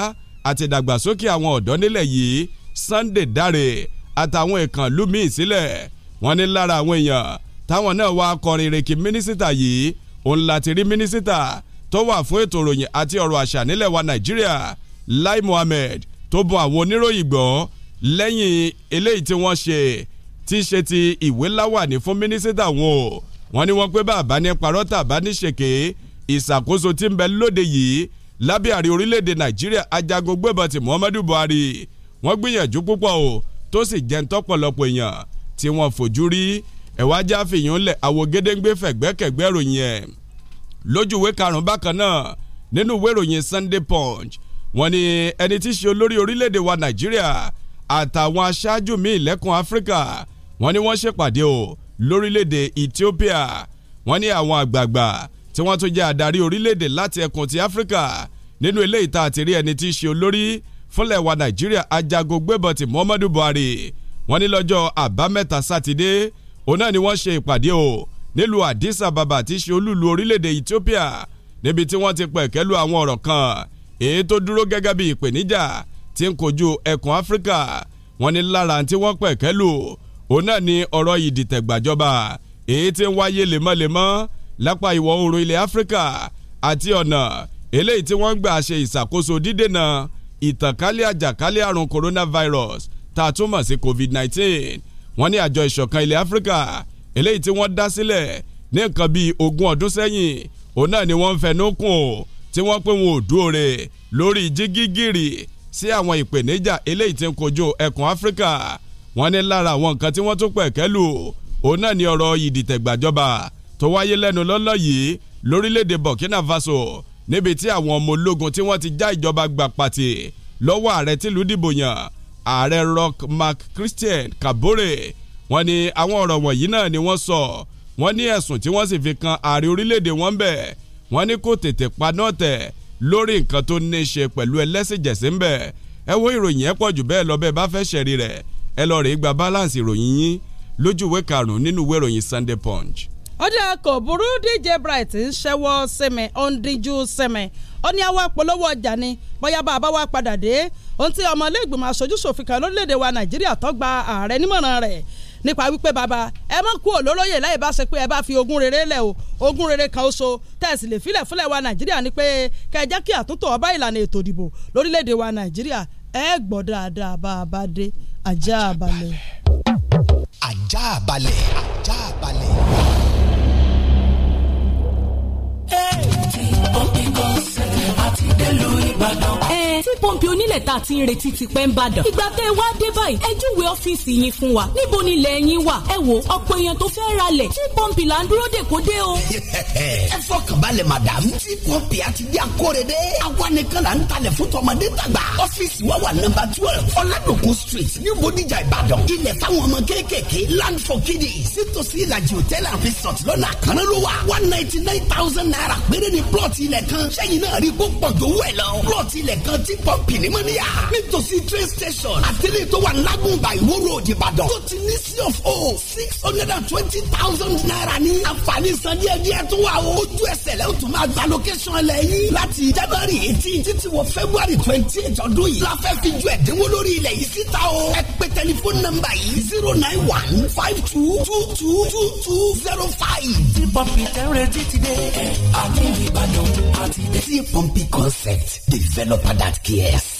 àti ìdàgbàsókè àwọn ọ̀dọ́ nílẹ̀ yìí Sunday Dare àtàwọn ìkànnlú míì sílẹ̀ wọ́n ní lára àwọn èèyàn táwọn náà wá kọrin ìrèké mínísítà yìí òun láti rí mínísítà tó wà fún ètò ìròyìn àti ọ̀rọ̀ àṣà nílẹ̀ wa Nàìjíríà Lai Mohammed tó bọ àwọn oníròyìn gbọ́ lẹ́yìn eléyìí tí wọ́n ṣe tí ṣe ti ìwé láwàní fún mínísítà wọn o wọ́n ní wọ́n pé bàbá ní parọ́ tàbá ní ṣèké ìṣàkóso tí ń bẹ lóde yìí lábẹ́ àrí orílẹ̀-èdè Nàìjíríà ajagun gbébọn ti Muhammadu Buhari wọ́n gbìyànjú púpọ̀ o tó sì jẹ́ ntọ́pọ̀lọpọ̀ èèyàn tí wọ́n fojú rí ẹ̀wá já fìyàn lẹ̀ àwo gédéǹgbé fẹ̀gbẹ́kẹ̀gbẹ́ ròyìn ẹ̀ lójúwé karùn-ún bákan náà nínú ìwé ìròyìn Sunday Punch wọ́n ní ẹni tí í ṣe olórí orílẹ̀-èdè wa Nàìjíríà àtàwọn aṣáájú míì lẹ́kùn Áfíríkà wọ́n ní wọ́n ṣèpàdé o lórílẹ̀-èdè Ethiopia wọ́n ní àwọn àgbààgbà tí wọ́n tún jẹ́ adarí orílẹ̀-èdè láti ẹkùn ti Áfíríkà nínú eléyìí tá a ẹni tí í ṣe olórí fúnlẹ̀ wa nàìjíríà ajagun gbébọn ti muhammadu buhari wọ́n ní lọ́jọ́ àbámẹ́ta sátidé òun náà ni wọ́n ṣe ìpàdé o nílùú addis ababa tí ṣe olúlu orílẹ̀-èdè ethiopia níbi tí wọ́n ti pẹ̀kẹ́ lu àwọn ọ̀rọ̀ kan èyí tó dúró gẹ́gẹ́ bí ìpèníjà tí ń kojú ẹkùn áfíríkà wọ́n ní lára tí wọ́n pẹ̀kẹ́ lu òun náà ni ọ̀rọ̀ ìdìtẹ̀gbàjọba èyí tí ń wáyé lemọ́lemọ́ lápá ìwọ̀ oòrùn ilẹ̀ áfíríkà àti ọ̀nà eléyìí tí wọ́n ń gbà ṣe ìṣàkóso dídènà ìtànkálẹ̀ àjàkálẹ̀ àrùn coronavirus tá a tún mọ̀ sí covid-19 wọ́n ní àjọ ìṣọ̀kan ilẹ̀ áfíríkà eléyìí tí wọ́n dá sílẹ̀ ní nǹkan bíi ogún ọdún sẹ́yìn òun náà ni wọ́n ń fẹnu kùn tí wọ́n pé wọn ò dúore lórí jígígìrì sí àwọn ìpèníjà eléyìí tí ń kojú ẹkùn áfíríkà wọ́n ní lára àwọn nǹkan tí wọ́n tún pẹ̀kẹ́ lù òun náà ni ọ̀rọ̀ ìdìtẹ̀gbàjọba tó wáyé lẹ́nu lọ́lọ́ yìí lórílẹ̀‐èdè Burkina Faso níbi tí àwọn ọmọ ológun tí wọ́n ti já ìjọba gbà pàtì lọ́wọ́ ààrẹ tìlú dìbò yàn ààrẹ rock mark christian kabore wọ́n ní àwọn ọ̀rọ̀ wọ̀nyí náà ni wọ́n sọ wọ́n ní ẹ̀sùn tí wọ́n sì fi kan ààrẹ orílẹ̀-èdè wọn bẹ̀ wọ́n ní kó tètè paná tẹ̀ lórí nǹkan tó ní í ṣe pẹ̀lú ẹlẹ́sìnjẹ̀sí ń bẹ̀ ẹ wo ìròyìn ẹ pọ̀ jù bẹ́ẹ̀ lọ bẹ́ẹ̀ bá fẹ́ ṣẹ̀rí rẹ̀ ẹ lọ rèé gba balance ìròyìn yín lójú ìwé karùn-ún nínú ìwé ìròyìn Sunday Punch ó dẹ́ kò burú DJ Bright ń ṣẹ́wọ́ sẹ́mẹ̀ ó ń díjú sẹ́mẹ̀ ó ní àwa polówó ọjà ni bóyá bá a bá wa padà dé ohun tí ọmọ ilé ìgbìmọ̀ aṣojúṣòfin kan lórílẹ̀‐èdè wa Nàìjíríà tó gba ààrẹ nímọ̀ràn rẹ̀ nípa wípé baba ẹ mọ kú olóróyè láì bá ṣe pé ẹ bá fi ogún rere lẹ o ogún rere kan oṣo tẹ̀sí lè filẹ̀ fúnlẹ̀ wa nàìjíríà ni pé kẹ́ jẹ́ kí àtúntò ọba ìlànà ètò ìdìbò lórílẹ̀‐èdè wa nàìjíríà ẹ gbọ́ dáadáa bá a bá dé ajá balẹ̀. ajá balẹ̀ ajá balẹ̀. Hey. Pumping nílùú Ìbàdàn. ẹ tí pọ́ǹpì onílẹ̀ ta ti ń retí ti pẹ́ ń bàdàn. ìgbà tẹ́ ẹ wá dé báyìí ẹ júwe ọ́fíìsì yín fún wa níbo ni ilẹ̀ yín wà. ẹ wo ọ̀pọ̀ èèyàn tó fẹ́ ra lẹ̀ tí pọ́ǹpì là ń dúró dè kó dé o. ẹ fọkàn balẹ̀ madam tí pọ́ǹpì àti bí akóre dé. àwa nìkan là ń talẹ̀ fún tọmọdé tàgbà. ọ́fíìsì wa wà nọ́mbà twelve ọ̀làdòkun street ní bodijà land for kiddies sítòsí ìlàjì hòtẹ́ẹ̀lì and resort lọ́nà àkànná one ninety nine thousand naira péré ni plọ̀tì ilẹ̀ kan sẹ́yìn náà rí gbọ́pọ̀ jòwó ẹ̀ lọ. plọ̀tì ilẹ̀ kan tí pọ́ǹpì ní mọ́níyà nítòsí train station àtẹ̀lé tó wà lágùnbà ìwó road ìbàdàn tó ti ní sí of o six hundred and twenty thousand naira ní àǹfààní san díẹ̀ díẹ̀ tó wà o ojú ẹsẹ̀ lẹ́yìn tó máa gba location ẹlẹ́ yìí láti january eighteen títí wọ february twenty eight ọdún yìí la fẹ́ fi ju ẹ̀dínwó lórí ilẹ̀ yìí síta o ẹ pè tẹlifóònù nọ́mbà yìí zero nine one five two two two two two zero five. tí pọ́ǹpì tẹ́ ń retí ti dé àti ìbàdàn concept perfect developer that cares.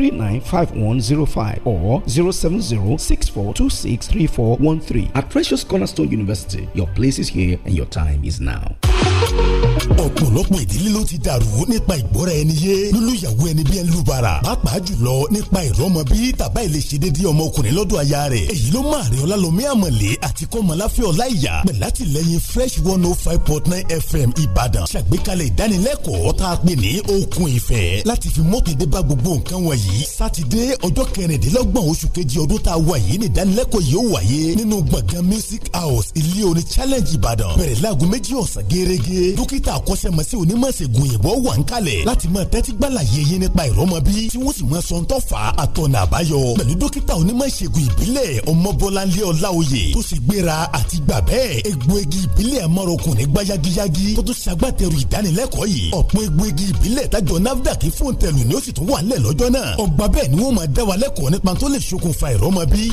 09395105 or 070 At Precious Cornerstone University, your place is here and your time is now. ọ̀pọ̀lọpọ̀ ìdílé ló ti dàrú nípa ìgbọ́ra ẹni yé lólùyàwó ẹni bí ẹ ń lu pàápàá jùlọ nípa ìrọmọ bí tàbá ìlẹsẹdẹdẹ ọmọkùnrin lọ́dọ̀ aya rẹ̀ èyí ló máa rí ọlálọ́mí àmọ̀lé àti kọ́mọláfẹ́ ọláìyá pẹ̀látìlẹ́yìn fresh one oh five point nine fm ìbàdàn ṣàgbékalẹ̀ ìdánilẹ́kọ̀ọ́ tá a pè ní okun ìfẹ́ láti fi mọ́tòdé bá gbogbo nǹkan wọ̀nyí sátidé ọjọ́ kẹrìndínlọ́gbọ̀n oṣù kejì ọdún tá a wà music house ilé orin challenge ìbàdàn bẹ̀rẹ̀ láago méjì ọ̀sán gẹ́gẹ́ wáyé dókítà akọ́ṣẹ́mọṣẹ́ onímọ̀ṣègùn òyìnbó wà ń kalẹ̀ láti máa tẹ́tí gbàlàyé yín nípa ìrọmọbí tí wọ́n sì máa sọ ń tọ́fà àtọ̀nà àbáyọ pẹ̀lú dókítà onímọ̀ṣègùn ìbílẹ̀ ọmọbọ́láńlé ọláoyè tó sì gbéra àti gbà bẹ́ẹ̀ egbòogi ìbílẹ̀ amọ́rọ̀kùn ní gbáyagíyágí tó tún ṣagbátẹrù ìdánilẹ́kọ̀ọ́ yìí ọ̀pọ̀ egbòogi ìbílẹ̀ tájọ nafdac fóun tẹ̀lù ni ó sì tún wà nílẹ̀ lọ́jọ́ náà ọgbà bẹ́ẹ̀ ni wọ́n máa dá wa lẹ́kọ̀ọ́ nípa tó lè ṣokùnfà ìrọmọbí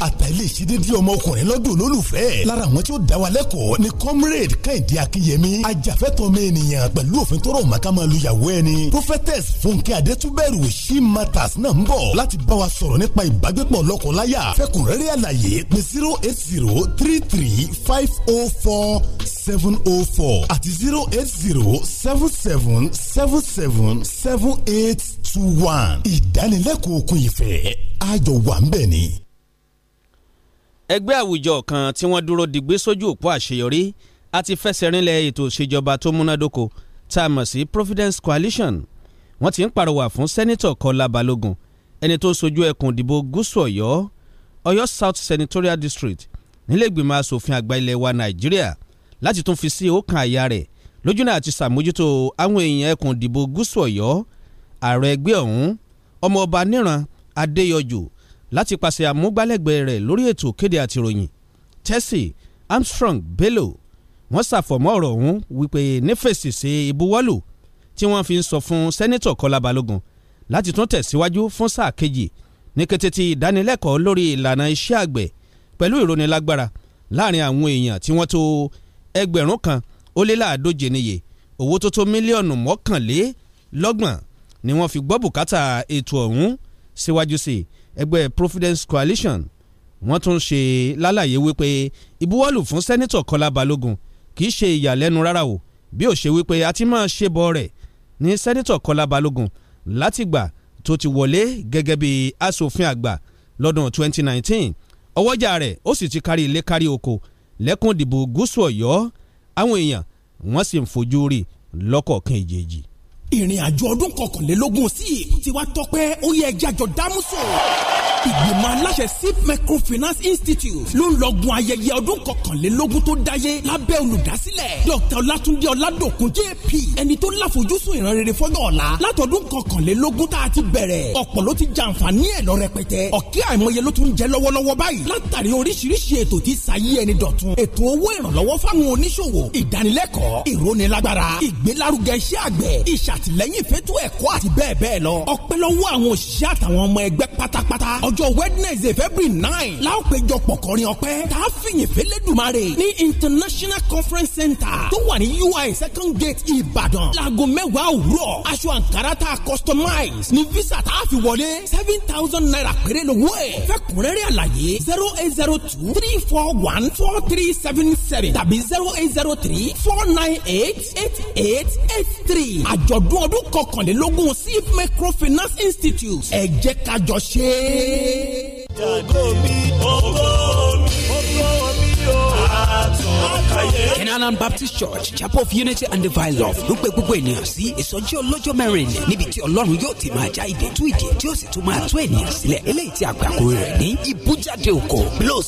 tọ́mọ ènìyàn pẹ̀lú òfin tó rọ̀ mọ́ ká máa lu ìyàwó ẹni. prophetess fúnkẹ́ adétúbẹ̀rù she matters náà ń bọ̀ láti bá wa sọ̀rọ̀ nípa ìbágbépọ̀ lọ́kọláya fẹ́kùnrẹ́rẹ́ àlàyé pé zero eight zero three three five oh four seven oh four àti zero eight zero seven seven seven seven seven eight two one ìdánilẹ́kọ̀ọ́ òkun ìfẹ́ àjọ wà ń bẹ̀ ni. ẹgbẹ́ àwùjọ kan tí wọ́n dúró digbé sójú òpó àṣeyọrí a ti fẹsẹ̀ rinlẹ̀ ètò ìṣèjọba tó múnádóko tá a mọ̀ sí Providence Coalition wọ́n ti ń pàrọwà fún sẹ́nitọ̀ Kọ́lá Balógun ẹni tó sojú ẹkùn ìdìbò gúúsù Ọ̀yọ́ Ọ̀yọ́ South Senatorial District nílẹ̀gbìmọ̀ asòfin àgbà ilẹ̀ wa Nàìjíríà láti tún fi sí ọkàn àyà rẹ̀ lójúnà àti sàmójútó àwọn èèyàn ẹkùn ìdìbò gúúsù Ọ̀yọ́ ààrẹ ẹgbẹ́ ọ̀hún ọmọọba níran Adéyọjú láti pàṣẹ àmúgbálẹ́gbẹ̀ẹ́ rẹ̀ lórí ètò kéde àtìròyìn Tessy Armstrong Bello wọ́n ṣàfọ̀mọ́ ọ̀rọ̀ ọ̀hún wípé nífẹ̀sì sí ìbuwọ́lù tí wọ́n fi ń sọ fún sẹ́nitọ̀ Kọ́lá Balógun láti tún tẹ̀síwájú fún sáà kejì ní kété tí ìdánilẹ́kọ̀ọ́ lórí ìlànà iṣẹ́ àgbẹ̀ pẹ̀lú ìrónilágbára láàrin àwọn èèyàn tí wọ́n tó ẹgbẹ̀rún kan ó lé láàdóje níye owó tó tó mílíọ̀nù mọ́kànlélọ́gbọ̀n ni wọ́n fi gbọ́ bùkátà ètò ọ̀hún síwájú sí ẹgbẹ́ Providence Coalition wọ́n tún ṣe lálàyé wípé ìbuwọ́lù fún sẹ́nitọ̀ Kọ́lá Balógun kì í ṣe ìyàlẹ́nu rárá o bí ó ṣe wípé a ti máa ṣe bọ̀ rẹ̀ ní sẹ́nitọ̀ Kọ́lá Balógun látìgbà tó ti wọlé gẹ́gẹ́ bí asòfin àgbà lọ́dún 2019 ọwọ́jà rẹ̀ ó sì ti kárí ilé kárí oko lẹ́kùn ìdìbò gúúsù Ọ̀yọ́ àwọn èèyàn wọ́n sì ń fojú rí lọ́kọ̀ọ̀kan ìjèjì ìrìn àjò ọdún kọkànlélógún sí ti wá tọpẹ́ ó yẹ ẹjẹ́ àjọ dámúsò ìgbìmọ̀ aláṣẹ sip microfinance institute ló ń lọ́gun ayẹyẹ ọdún kọkànlélógún tó dáyé lábẹ́ olùdásílẹ̀ dr ọlátúndé ọládòkun jp ẹni tó láfojúsùn ìran rere fọ́jọ́ ọ̀la látọdún kọkànlélógún tá a ti bẹ̀rẹ̀ ọ̀pọ̀ ló ti jàǹfààní ẹ̀ lọ rẹpẹtẹ ọ̀kẹ́ àìmọye ló tún jẹ lọ́wọ́lọ́wọ́ báyìí látàrí oríṣiríṣi ètò tí sayé ẹni dọ̀tun ètò owó ìrànlọ́wọ́ fáwọn oníṣòwò ìdánilẹ́kọ̀ọ́ ìrónilágbára ìgbélárugẹ iṣẹ́ àgbẹ̀ àtìlẹ́yìn fẹ́tọ́ ẹ̀kọ́ àti bẹ́ẹ̀ bẹ́ẹ̀ lọ. ọpẹ́ lọ́wọ́ àwọn òṣìṣẹ́ àtàwọn ọmọ ẹgbẹ́ pátápátá ọjọ́ wednesday february nine láòpéjọ pọ̀kọrin ọpẹ́ tá a fìyìn fẹ́lẹ́dùmarè ní international conference center tó wà ní ui second gate ìbàdàn láago mẹ́wàá òwúrọ̀ aṣọ àǹkárá tá a customize ní visa tá wọlé seven thousand naira péré lówó ẹ̀ fẹ́kùnrẹ́rẹ́ àlàyé zero eight zero two three four one four three seven seven tàbí zero eight zero three four nine eight eight eight eight three àjọ̀dún àjọ̀dún ọdún kọkànlélógún cif microfinance institute ẹ jẹ́ ká jọ ṣe é. jàgbó mi ògbó mi ògbó mi ó Kenan Baptist Church Chapel of Unity and Divine Love ló pe gbogbo ènìyàn sí ìsọjí ọlọ́jọ́ mẹ́rin ní níbi tí Ọlọ́run yóò ti máa já ìdè tú ìdè tí ó sì tún máa tú ènìyàn sílẹ̀ eléyìí tí àgbàkúrò rẹ̀ ní ìbújáde òkò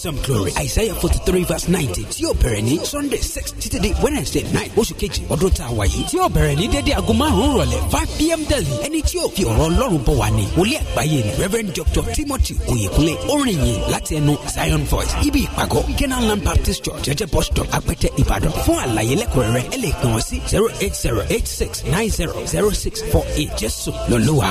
some glory Isaiah forty three verse ninety. tí yóò bẹ̀rẹ̀ ní Sunday six títí di Wednesday nine oṣù kejì ọdún tá a wà yìí tí yóò bẹ̀rẹ̀ ní dédé aago márùn-ún five pm daily ẹni tí yóò fi ọ̀rọ̀ Ọlọ́run bọ̀ wá ní wòlíì àgbáyé ni Reverend Doctor Timothy Oyekunle orin yìí láti ẹnu Zion Voice ibi ìpàgọ́ Kenan Baptist Church jẹ́jẹ́ bus ìbàdàn apẹtẹ ìbàdàn fún àlàyé lẹ́kùnrẹ́rẹ́ ẹ lè pè sí zero eight zero eight six nine zero zero six four eight jésù lọ́lọ́wà.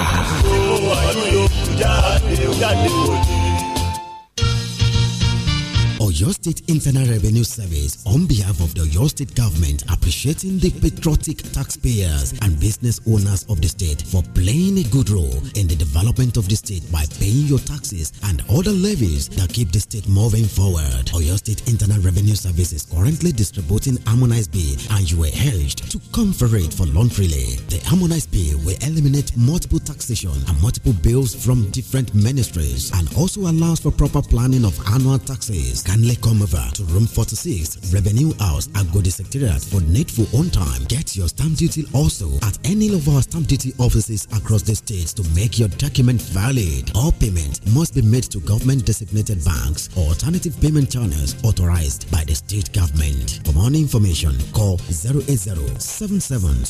Oyo State Internal Revenue Service, on behalf of the Oyo State government, appreciating the patriotic taxpayers and business owners of the state for playing a good role in the development of the state by paying your taxes and other levies that keep the state moving forward. Oyo State Internal Revenue Service is currently distributing Harmonized Pay, and you were urged to come for it for launch relay. The Harmonized Pay will eliminate multiple taxation and multiple bills from different ministries and also allows for proper planning of annual taxes Kindly come over to room 46, Revenue House, Agodi Secretariat for for on time. Get your stamp duty also at any of our stamp duty offices across the state to make your document valid. All payment must be made to government designated banks or alternative payment channels authorized by the state government. For more information, call 080-7728-4519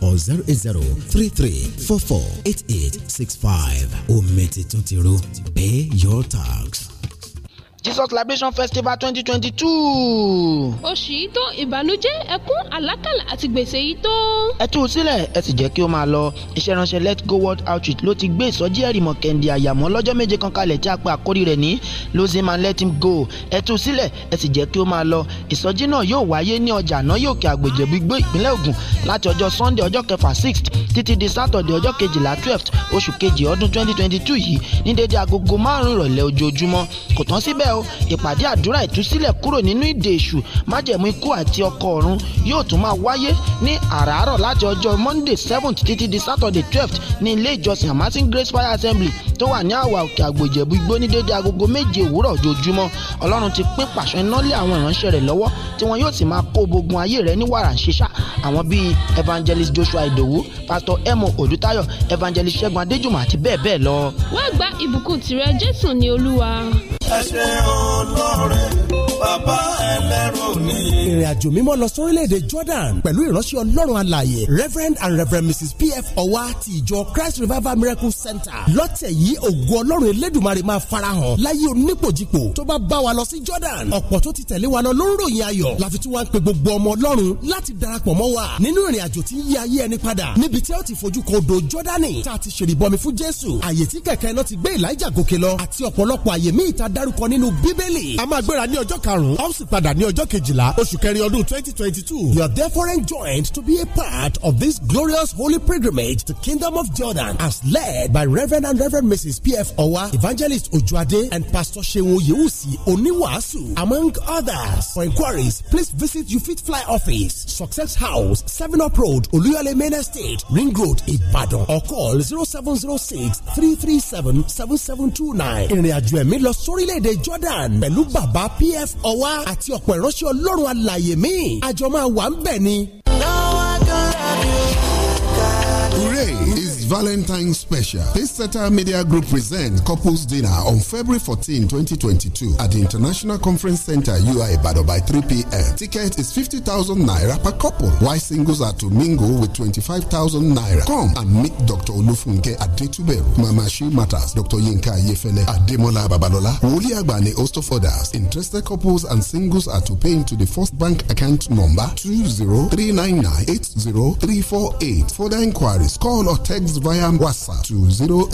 or 080-3344-8865. Tuntiru, pay your tax. Jesus Liberation Festival twenty twenty two. oṣù yìí tó ìbànújẹ́ ẹkún àlákàlà àti gbèsè yìí tó. ẹ tú u sílẹ̀ ẹ sì jẹ́ kí ó máa lọ iṣẹ́ ránṣẹ́ Let Go World Outreach ló ti gbé ìsọjí ẹ̀rìmọ̀ kẹ́ndì àyàmọ́ lọ́jọ́ méje kan kalẹ̀ tí a pe àkórí rẹ̀ ní losing man let him go ẹ tú u sílẹ̀ ẹ sì jẹ́ kí ó máa lọ ìsọjí náà yóò wáyé ní ọjà náà yóò kí àgbèjẹ̀ gbígbé ìpínlẹ̀ Ògùn láti ọjọ́ Sunday ọjọ́ kẹfà sixth títí di Saturday ọjọ́ kejìlá twelfth oṣù kejì ọdún twenty twenty two yìí ní dédé agogo márùn-ún ìrọ̀lẹ́ ojoojúmọ́ kò tán síbẹ̀ o ìpàdé àdúrà ìtúsílẹ̀ kúrò nínú ìdè èṣù májẹ̀mú ikú àti ọkọ̀ ọ̀run yóò tún máa wáyé ní àràárọ̀ láti ọjọ́ monday seventh títí di saturday twelfth ní ilé ìjọsìn amasin grace fire assembly tó wà ní àwà òkè àgbòjẹ̀bú igbó ní déédéé agogo méje òwúrọ̀ ojoojúmọ́ ọlọ́run ti pín pàṣẹ iná àwọn ìránṣẹ́ rẹ̀ lọ́wọ́ tí wọn yóò sì máa kó gbogun ayé rẹ̀ ní wàrà ṣíṣà àwọn bíi evangelist joshua idowu pastor emo olùtayọ evangelist ṣẹ́gun adéjùmọ̀ àti bẹ́ẹ̀ bẹ́ẹ̀ lọ. wá gba ìbùkún tìrẹ jésù ní olúwa. ẹ ṣe ọlọ́rẹ̀ bàbá ẹlẹ́rù ni. ìrìn àjò mímọ́ lọ sórílẹ̀-èdè Jordan pẹ̀lú ìránṣẹ́ ọlọ́run alaye. Reverend and Reverend Mrs P.F. Ọwa ti ìjọ Christ Revival Miracle Center lọ́tẹ̀ yìí ògo ọlọ́run elédùnmarè máa farahàn láyé onípòjìpò tó bá bá wa lọ sí Jordan ọ̀pọ̀ tó ti tẹ̀lé wa lọ ló ń ròyìn ayọ̀ láfi tí wọ́n ń pe gbogbo ọmọ ọlọ́run láti darapọ̀ mọ́ wa nínú ìrìn àjò tí ń yí ayé ẹni padà níbi tí ó ti fojú kan odò Jọ́dánì bíbélì a máa gbéra ní ọjọ́ karùn-ún a ó sì padà ní ọjọ́ kejìlá oṣù kẹrin ọdún twenty twenty two you are therefore enjoined to be a part of this glorious holy pilgrimage to kingdom of jordan as led by reverend and reverend mrs pf owa evangelist ojuade and pastor seun oyewusi oníwàásù among others for inquiries please visit ufit fly office success house seven up road oluyale main estate ring road ibadan or call zero seven zero six three three seven seven seven two nine ìrìnàjò ẹ̀mí lọ sórílẹ̀-èdè jordan. Jordan pẹ̀lú bàbá PF ọwá àti ọ̀pọ̀ ìránṣẹ́ ọlọ́run alàyè míì àjọ máa wà ń bẹ̀ ni. can love you. Hooray! Valentine's Special. Pacesetter Media Group presents Couples Dinner on February 14, 2022 at the International Conference Center, UI Bado by 3 p.m. Ticket is 50,000 naira per couple. Why singles are to mingle with 25,000 naira. Come and meet Dr. Olufunke Adetuberu, Mama She Matters, Dr. Yinka Yefele, Ademola Babalola, Woli Agbani, host of others. Interested couples and singles are to pay into the first bank account number 20399 For Further inquiries, call or text text via WhatsApp to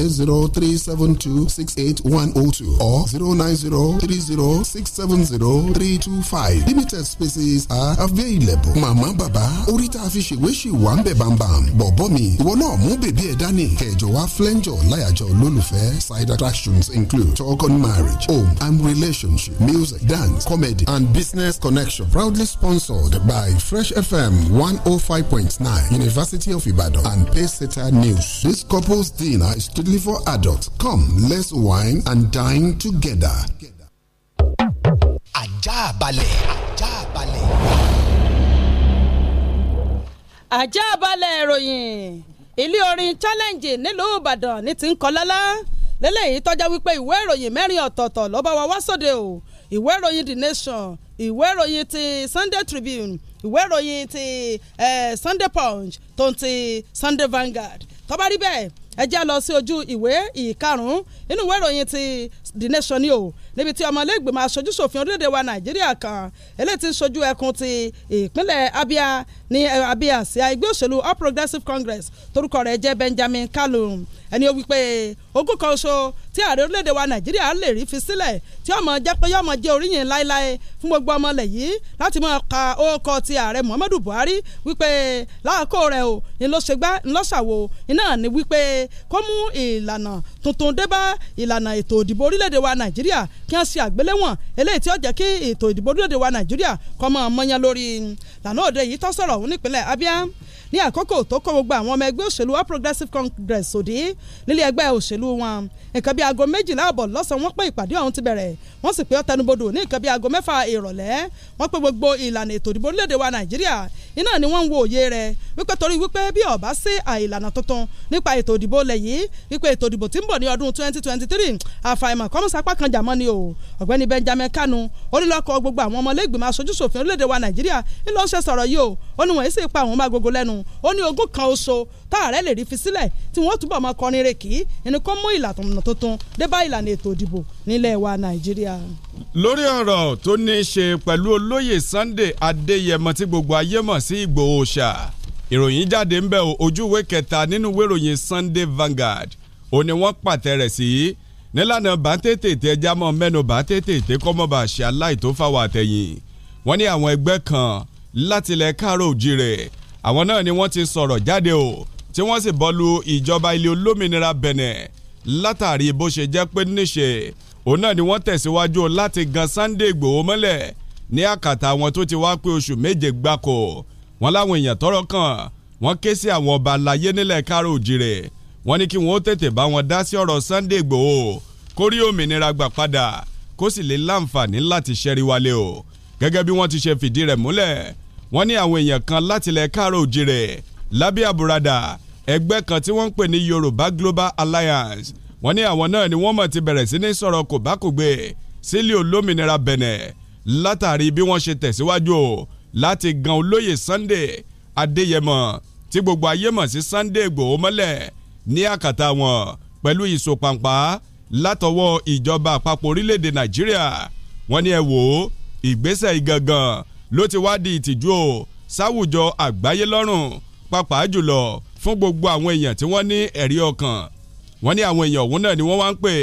08037268102 or 09030670325. Limited spaces are available. Mama, Baba, orí tá a fi Bam Bam, Bobomi. ń bẹ̀ bàmbàm. Bọ̀bọ́ mi, ìwọ náà mú bèbí ẹ̀ dání. Kẹ̀jọ Side attractions include talk on marriage, home and relationship, music, dance, comedy and business connection. Proudly sponsored by Fresh FM 105.9, University of Ibadan and Payseta News. This couple's dinner is totally for adults. Come, let's wine and dine together. Ajabale, ajabale, ajabale, balẹ̀. Ajá balẹ̀ ìròyìn ilé orin challenge nílùú Ìbàdàn ní ti ń kọ́ lọ́lá lélẹ́yìí tọ́já wípé ìwé ìròyìn mẹ́rin ọ̀tọ̀ọ̀tọ̀ ló bá wa wá sóde o ìwé ìròyìn The Nation ìwé ìròyìn ti Sunday Tribune ìwé ìròyìn ti eh, Sunday Punch tó ń ti Sunday Vanguard tó bá rí bẹ́ẹ̀ ẹ jẹ́ lọ sí ojú ìwé ìkarùn-ún inú ìwé ìròyìn ti The Nation ni o níbi tí ọmọlẹ́gbẹ̀mọ aṣojú ṣòfin orílẹ̀-èdè wa nàìjíríà kan eléyìí ti ń sojú ẹkùn ti ìpínlẹ̀ abia ní abia sí ẹgbẹ́ òṣèlú all progressives congress torúkọ rẹ̀ jẹ́ benjamin kalu ẹni ó wí pé ogún kan ṣo tí ààrẹ orílẹ̀-èdè wa nàìjíríà lè rí fi sílẹ̀ tí ọmọ jẹ́ pé yọmọ jẹ́ oríyìn láéláé fún gbogbo ọmọ ilẹ̀ yìí láti máa ka orúkọ ti ààrẹ muhammadu buhari wípé láàkó rẹ̀ o ńlọṣẹgbà ńlọṣàwò iná ni wípé kó mú ìlànà tuntun débá ìlànà ètò òdìbò orílẹ̀-èdè wa nàìjíríà kí wọ́n ṣe àgbéléwọ̀n eléyìí tí ó jẹ́ kí ètò ìdìbò orílẹ̀-èdè wa nàìjíríà kọ́ mọ́ ọmọyàn lórí lànà òde yìí tó sọ̀rọ̀ òun nípínlẹ̀ abia ní àkókò tó kó gbogbo àwọn ọmọ ẹgbẹ́ òṣèlú All Progressives Congress òdì nílé ẹgbẹ́ òṣèlú wọn nǹkan bíi aago méjìlá àbọ̀ lọ́sàn-án wọ́n pé ìpàdé ọ̀hún ti bẹ̀rẹ̀ wọ́n sì pé ó tẹnubodò ní nǹkan bíi aago mẹ́fà ìrọ̀lẹ́ wọ́n pé gbogbo ìlànà ètò ìdìbò orílẹ̀-èdè wa Nàìjíríà iná ni wọ́n ń wo òye rẹ̀ wípé torí wípé bí ó bá sí àìlànà tuntun nípa ètò ìdìbò lẹ̀ yìí wípé ètò ìdìbò tí ń bọ̀ ní ọdún twenty twenty three àfàìmọ̀ kọ́mùsápá kan jàmọ́ ni o ọ̀gbẹ́ni Benjamin Kanu onílọ́kọ̀ gbogbo àwọn ọmọlẹ́gbìmọ̀ aṣojúṣòfin orílẹ̀-èdè wa Nàìjíríà ńlọ ṣe sọ̀rọ̀ yìí o ó ní wọ́n sì pa àwọn ọmọ agogo lẹ́nu ó ní ogún kan oṣo táàrẹ́ lè rí fi sílẹ̀ tí wọ́n túbọ̀ máa kọrin rè kí ẹni kó mú ìlànà tuntun dé bá ìlànà ètò ìdìbò nílẹ̀ wa Nàìjíríà. lórí ọ̀rọ̀ tó ní í ṣe pẹ̀lú olóyè Sunday Adéyẹmọ tí gbogbo ayé mọ̀ mọ̀ sí Ìgbòho ṣá ìròyìn jáde ń bẹ̀ ojú ìwé kẹta nínú ìwé Sunday Vanguard ó ní wọ́n pàtẹ rẹ̀ sí nílànà bá tètè tẹ jámọ́ mẹ́nu bá tètè tẹ kọ́mọ́bà ṣe aláìtófáwọ̀ àtẹ̀yìn wọ́n ní àwọn ẹgbẹ́ kan látilẹ̀ káàró òjìrè àwọn náà ni wọ́n ti sọ̀rọ̀ jáde o tí wọ́n sì bọ́lu ìjọba ilé olómìnira Benin látàrí bó ṣe jẹ́ pé níṣe òun náà ni wọ́n tẹ̀síwájú láti gan Sunday Ìgbòho mọ́lẹ̀ ní àkàtà àwọn tó ti wá pé oṣù méje gbáko wọn láwọn èèyàn tọ́rọ̀ kàn wọ́n ké sí àwọn ọba aláyé nílẹ̀ káàró òjìrè wọ́n ní kí wọ́n ó tètè bá wọn dá sí ọ̀rọ̀ Sunday Igboho kó rí òmìnira gbà padà kó sì lè láǹfààní láti ṣẹ́rí wálé o gẹ́gẹ́ bí wọ́n ti ṣe fìdí rẹ̀ múlẹ̀ wọ́n ní àwọn èèyàn kan látilẹ̀ káàró òjìrè lábẹ́ àbúradà ẹgbẹ́ kan tí wọ́n ń pè ní Yorùbá Global Alliance wọ́n ní àwọn náà ni wọ́n mọ̀ ti bẹ̀rẹ̀ sí ní sọ̀rọ̀ kòbákògbé sílẹ̀ olómìnira Bẹ̀nẹ̀ látàrí bí wọ́n ṣe tẹ̀síwájú o láti gan olóyè Sunday Adéyẹmọ tí gbogbo ayé mọ̀ sí Sunday Ìgbòho mọ́lẹ̀ ní àkàtà wọn pẹ̀lú ìsopàǹpà látọwọ́ ìjọba àpapọ̀ orílẹ̀-èdè Nàìjíríà wọ́n ní ẹ wò ó ìgbésẹ̀ ìgangan ló ti wá di ìtìjú o sáwùjọ àgbáyé lọ́rùn pàápàá jùlọ fún gbogbo àwọn èèyàn tí wọ́n ní ẹ̀rí ọkàn wọ́n ní àwọn èèyàn òun náà ni wọ́n wá ń pè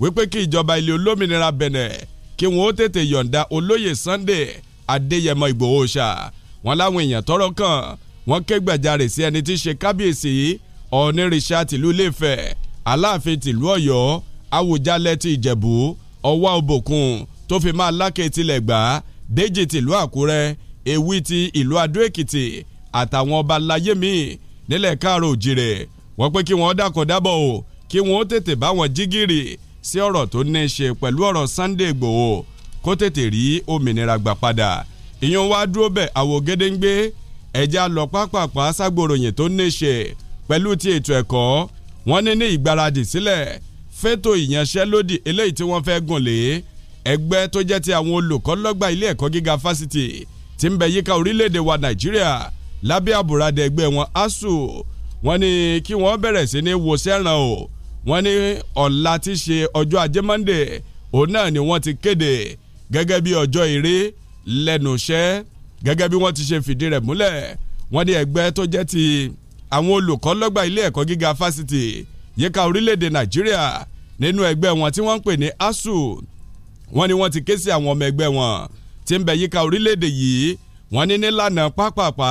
wípé kí ìjọba ilẹ̀ olómìnira Bẹ̀nẹ̀ kí wọn ó tètè yọ̀ǹda olóyè Sunday Adéyẹmọ Ìgbòho ṣá wọn láwọn èèyàn tọ́rọ̀ kàn wọn ké gbàjarè sí ẹni tí í ṣe kábíyèsí ọ̀nìrìṣà tìlú Ilé-Ifẹ̀ Aláàfin tìlú Ọ̀yọ́ Awùjalẹ̀ ti Ìjẹ̀bú Ọwá Ọbòkun tó fi máa Aláké tilẹ̀ gbà Déjì tìlú Àkúrẹ́ Ewí ti ìlú Adó Èkìtì àtàwọn ọba láyé míì nílẹ̀ káàró òjìrè wọ́n pé kí wọ́n dákọ̀ o kí wọ́n tètè bá wọn jí gìrì sí ọ̀rọ̀ tó ní í ṣe pẹ̀lú ọ̀rọ̀ Sunday Igboho kó tètè rí òmìnira gbà padà ìyẹn wá dúró bẹ́ẹ̀ àwògedengbe ẹ̀já lọ pápápá ságbóròyìn tó ní í ṣe pẹ̀lú ti ètò ẹ̀kọ́ wọ́n ní ní ìgbaradì sílẹ̀ fẹ́tò ìyanṣẹ́lódì eléyìí tí wọ́n fẹ́ gùn lé ẹgbẹ́ tó jẹ́ ti àwọn olùkọ́ lọ́gbà ilé ẹ̀kọ́ gíga fásitì tí ń bẹ yíká orílẹ̀-èdè wa Nàìjíríà lábẹ́ àbùradà ẹgbẹ́ wọn ASUU wọ́n ní kí wọ́n bẹ̀rẹ̀ sí ní wo sẹ́ràn o wọ́n ní ọ̀la tí ṣe ọjọ́ ajé monde òun náà ni wọ́n ti kéde gẹ́gẹ́ bí ọjọ́ eré lẹ́nu iṣẹ́ gẹ́gẹ́ bí wọ́n ti ṣe fìdí rẹ̀ múlẹ̀ wọ́n ní ẹgbẹ́ tó jẹ́ ti àwọn olùkọ́ lọ́gbà ilé ẹ̀kọ́ gíga fásitì yíká orílẹ̀-èdè nàìjíríà nínú ẹgbẹ́ wọn tí wọ́n ń pè ní ASUU wọ́n ní wọ́n ti ké sí àwọn ọmọ ẹgbẹ́ wọn tí ń bẹ yíká orílẹ̀-èdè yìí wọ́n ní nílànà pápápá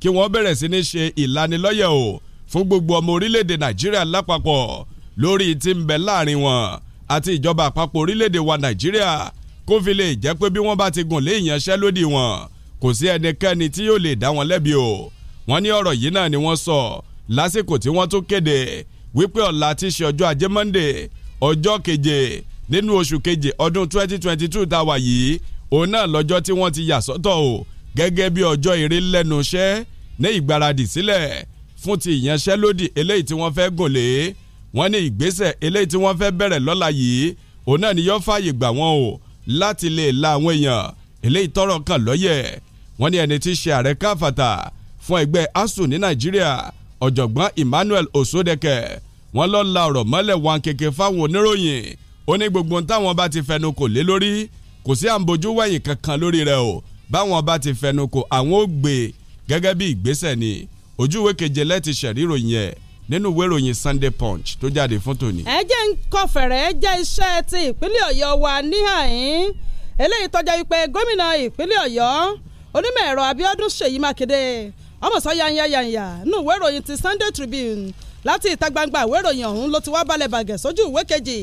kí wọ́n bẹ̀rẹ̀ sí ní ṣe ìlanilọ́yẹ̀ o fún gbogbo ọmọ orílẹ̀-èdè nàìjíríà lápapọ̀ lórí tí ń bẹ láàrin wọn àti ìjọba àpapọ̀ orílẹ̀-èdè wa nàìjíríà kó fi lè jẹ́ pé bí wọ́n bá ti gùn lé ìyanṣẹ́lódì wọn kò sí ẹnikẹ́ni tí yóò lè dá wọn lẹ́bi o wọ́n ní ọ̀rọ̀ yìí náà ni wọ́n sọ lásìkò tí wọ́n tún kéde wípé ọ̀la ti ṣe ọjọ́ ajé monde ọjọ́ keje nínú oṣù keje ọdún 2022 tá a wà yìí òun náà lọ́jọ́ tí wọ́n ti yà sọ́tọ̀ o gẹ́gẹ́ bí ọjọ́ eré lẹ́nu iṣẹ́ ní ìgbáradì sílẹ̀ fún ti ìyanṣẹ́lódì eléyìí tí wọ́n fẹ́ gùn lé wọ́n ní ìgbésẹ̀ eléyìí tí wọ́n fẹ́ bẹ̀rẹ̀ lọ́la yìí òun náà ni yóò fààyè gbà wọ́n o láti lè la àwọn èèyàn eléyìí tọ́rọ̀ kàn lọ́yẹ̀ wọ́n ní ẹni tí í ṣe ààrẹ káfàtà fún ẹgbẹ́ asuu ní nàìjíríà ọ̀jọ̀gbọ́n emmanuel osodeke wọ́n lọ la ọ̀rọ̀ mọ́lẹ̀ wọn kéke fáwọn oníròyìn ó ní gbogbo ohun táwọn bá ti fẹnu kò lé lórí kò sí àǹbojú wẹ̀yìn kankan lórí rẹ̀ o báwọn bá ti fẹnu kò àwọn ò gbé e gẹ́gẹ́ bí ìgbésẹ̀ ni ojúwe keje lẹ́ti ṣẹ̀rí ròyìn nínú ìwé ìròyìn Sunday Punch tó jáde fún tòní. ẹ jẹ́ ń kọ fẹ̀rẹ̀ jẹ́ iṣẹ́ ti ìpínlẹ̀ Ọ̀yọ́ wa níhàyín eléyìí tọ́jà wípé gómìnà ìpínlẹ̀ Ọ̀yọ́ onímọ̀ ẹ̀rọ Abíọ́dún Ṣèyí Mákindé ọmọọ̀sán yanyanyanya nínú ìwé ìròyìn ti Sunday Tribune láti ìta gbangba ìwé ìròyìn ọ̀hún ló ti wá balẹ̀ bàgẹ́ sójú ìwé kejì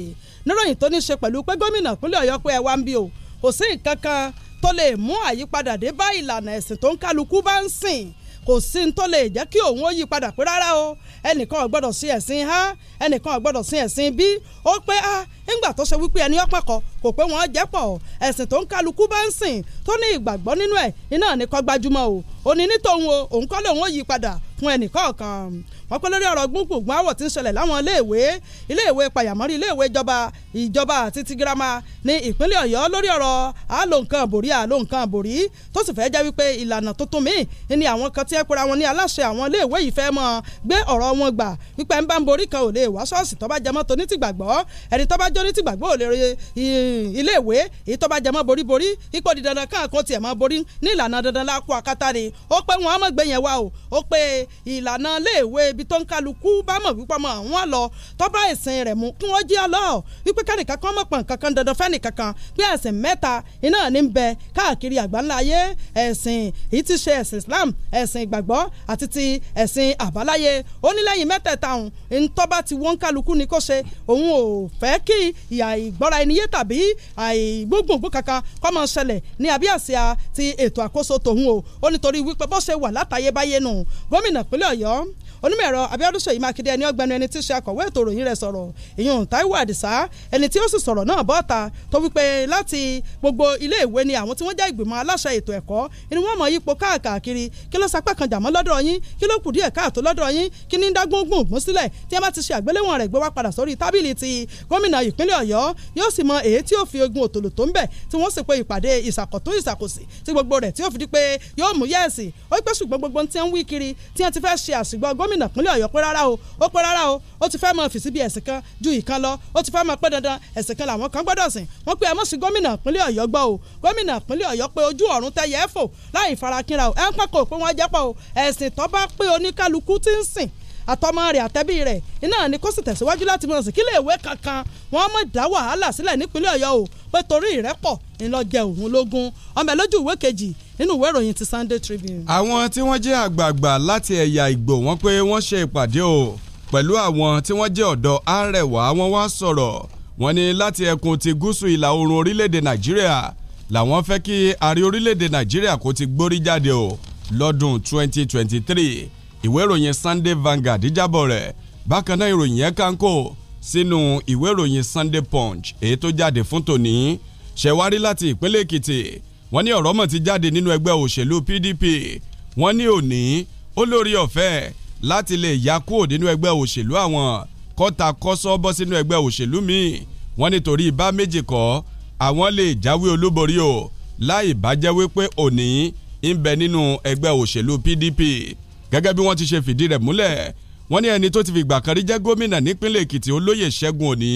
níròyìn tó ní ṣe pẹ̀lú pé gómìnà ìpínlẹ̀ Ọ̀yọ́ pé ẹ wá ń bí o kò sí nǹkan kan tó lè mú àyípadà dé bá ìlànà ẹ̀sìn tó ń kálukú bá ń sìn kò sí ní tó lè jẹ́ kí òun ó yí padà pé rárá o ẹnìkan ò gbọ́dọ̀ sí ẹ̀sìn a ẹnìkan ò gbọ́dọ̀ sí ẹ̀sìn b ó pé a ńgbà tó ṣe wípé ẹni ọ̀pọ̀ kọ kò pé wọ́n jẹ́ pọ̀ ẹ̀sìn tó ń kálukú bá ń sìn tó ní ìgbàgbọ́ nínú ẹ̀ iná ní gbajúmọ̀ o ó ní ní tòun o òun kọ́ lòun ó yí padà fún ẹnìkọ̀ọ̀kan wọ́n pẹ́ lórí ọ̀rọ̀ gbùngbùngbùn àwọ̀ tí ń ṣẹlẹ̀ láwọn iléèwé iléèwé pàyàmọ́rí iléèwé ìjọba ìjọba àti ti girama ní ìpínlẹ̀ ọ̀yọ́ lórí ọ̀rọ̀ àlò nǹkan àbòrí àlò nǹkan àbòrí tó sì fẹ́ẹ́ jẹ́ wípé ìlànà tuntun míì ni àwọn kan tí ẹ pera wọn ní aláṣẹ àwọn iléèwé yìí fẹ́ mọ́ gbé ọ̀rọ̀ wọn gbà wípé ń bá ń borí kan ò lè wá ṣọ́ọ̀ṣì tó bá jẹmọ́ tó ní tìgbàgbọ́ ẹni tó bá jó ní tìgbàgbọ́ ò lè rí iléèwé èyí tó bá jẹmọ́ boríborí ipò dídandan káàkó tiẹ̀ mọ́ borí ní ìlànà dandan lákò akátá ni ó pé wọn á mọ̀ gbẹ̀yẹn wa o ó pé ìlànà iléèwé ibi tó ń kálukú bá mọ̀ wípé ọmọ àwọn lọ tọ́ba ẹ̀sìn rẹ̀ mú kí wọ́n jí ọlọ́ wípé kẹ́nìkan kan mọ̀ pọ̀ nǹkan kan dandan fẹ́ nìkan kan pé ẹ̀sìn mẹ́ta iná ní ń bẹ káàkiri àgbáńlá ayé ẹ̀sìn èyí ti ṣe ẹ̀sìn Islam ẹ̀sìn ìgbàgbọ́ àti ti ẹ̀sìn àbáláyé ó ní lẹ́yìn mẹ́tẹ̀ẹ̀ta òun ntọ́ba ti wọ́n kálukú ni kó ṣe òun ò fẹ́ kí ìyà ìgbọ́ra ẹni tàbí àìgbógbòǹgbò kankan kó má ṣẹlẹ̀ ní abíàsíà ti ètò àkóso tòun o ó nítorí wípé bó ṣe wà látayébáyé nù gómìnà ìpínlẹ̀ Ọ̀yọ́ onímọ̀ẹ̀rọ Abíọ́dún Ṣèyí Mákindé ẹni ọgbẹ́nu ẹni tí ṣe akọ̀wé ètò ìròyìn rẹ̀ sọ̀rọ̀ ìyún Táíwò Àdìsá ẹni tí ó sì sọ̀rọ̀ náà bọ́ta tó wípé láti gbogbo ilé ìwé ni àwọn tí wọ́n jẹ́ ìgbìmọ̀ aláṣẹ ètò ẹ̀kọ́ ni wọ́n mọ̀ yípo káàkiri kí ló sapá kan jàmọ́ lọ́dọ̀ yín kí ló kù díẹ̀ káàtó lọ́dọ̀ yín kí ní dágbóngbòn gún sílẹ̀ tí a bá ti ṣe àgbéléwọ̀n rẹ̀ gbé wá padà sórí tábìlì ti gómìnà ìpínlẹ̀ Ọ̀yọ́ yóò sì mọ èyí tí ó fi ogun òtòlò tó ń bẹ̀ tí wọ́n sì kiri tí wọ́n ti gómìnà pínlẹ̀ ọ̀yọ́ pé rárá o ó pé rárá o ó ti fẹ́ mọ fèsì bí ẹ̀sìn kan ju ìkan lọ ó ti fẹ́ mọ pé dandan ẹ̀sìn kan làwọn kan gbọ́dọ̀ sìn wọ́n pe ẹ̀mọ́sí gómìnà pínlẹ̀ ọ̀yọ́ gbọ́ o gómìnà pínlẹ̀ ọ̀yọ́ pé ojú ọ̀run tẹ fò láì farakínra o ẹ̀ ń pẹ́ kò pé wọ́n jẹ́pọ̀ o ẹ̀sìn tó bá pé oníkálukú ti ń sìn àtọmọ rẹ̀ àtẹ́bí rẹ̀ iná ni kó sì tẹ̀síwájú láti mọ̀ sí kí iléèwé kankan wọ́n mọ̀ dá wàhálà sílẹ̀ nípínlẹ̀ ọ̀yọ́ o pé torí ìrẹ́pọ̀ ńlọjẹ òun lógún ọmọ ẹ̀ lójú ìwé kejì nínú ìwé ìròyìn ti Sunday Tribune. àwọn tí wọ́n jẹ́ àgbààgbà láti ẹ̀yà Ìgbò wọ́n pé wọ́n ṣe ìpàdé o pẹ̀lú àwọn tí wọ́n jẹ́ ọ̀dọ́ Arẹwà wọ́n wá sọ̀rọ̀ wọ́n ní láti ẹkùn ti gúúsù ìlà oòrùn orílẹ̀-èdè Nàìjíríà làwọn fẹ́ kí ààrẹ orílẹ̀-èdè Nàìjíríà kó ti gbórí jáde o lọ́dún 2023 ìwé ìròyìn Sunday Vanguard jábọ̀ rẹ̀ bákan náà ìròyìn yẹn kánkó sínú ìwé ìròyìn Sunday Punch èyí tó jáde fún tòní ṣẹ̀wárí láti ìpínlẹ̀ Èkìtì wọ́n ní ọ̀rọ̀ mọ̀ ti jáde nínú ẹgbẹ́ òṣèlú PDP wọ́n ní òní ó lórí ọ̀fẹ́ láti lè yá kúrò nínú ẹgbẹ́ òṣèlú àwọn kọ́ta kọ́sọ́ bọ́ sínú ẹgbẹ́ òṣèlú míì wọ́n nítorí bá méjì kọ́ àwọn lè jáwé olúborí o láì bá jẹ́ wípé òní ń bẹ nínú ẹgbẹ́ òṣèlú PDP gẹ́gẹ́ bí wọ́n ti ṣe fìdí rẹ̀ múlẹ̀ wọ́n ní ẹni tó ti fi ìgbà kan rí jẹ́ gómìnà nípínlẹ̀ Èkìtì olóyè Ṣẹ́gun Òní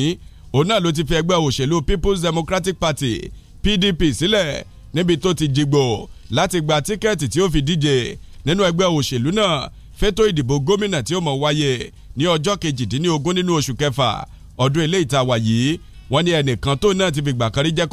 òun náà ló ti fi ẹgbẹ́ òṣèlú People's Democratic Party PDP sílẹ̀ níbi tó ti jigbò láti gba tíkẹ́ẹ̀tì tí ó fi díje nínú ẹgbẹ́ òṣèlú náà fétò ìdìbò gómìnà tí ó mọ̀ wáyé ní ọjọ́ kejìdínlógún nínú oṣù kẹfà ọdún eléyìí tá a yìí wọ́n ní ẹnìkan tó náà ti fi ìgbà kan rí jẹ́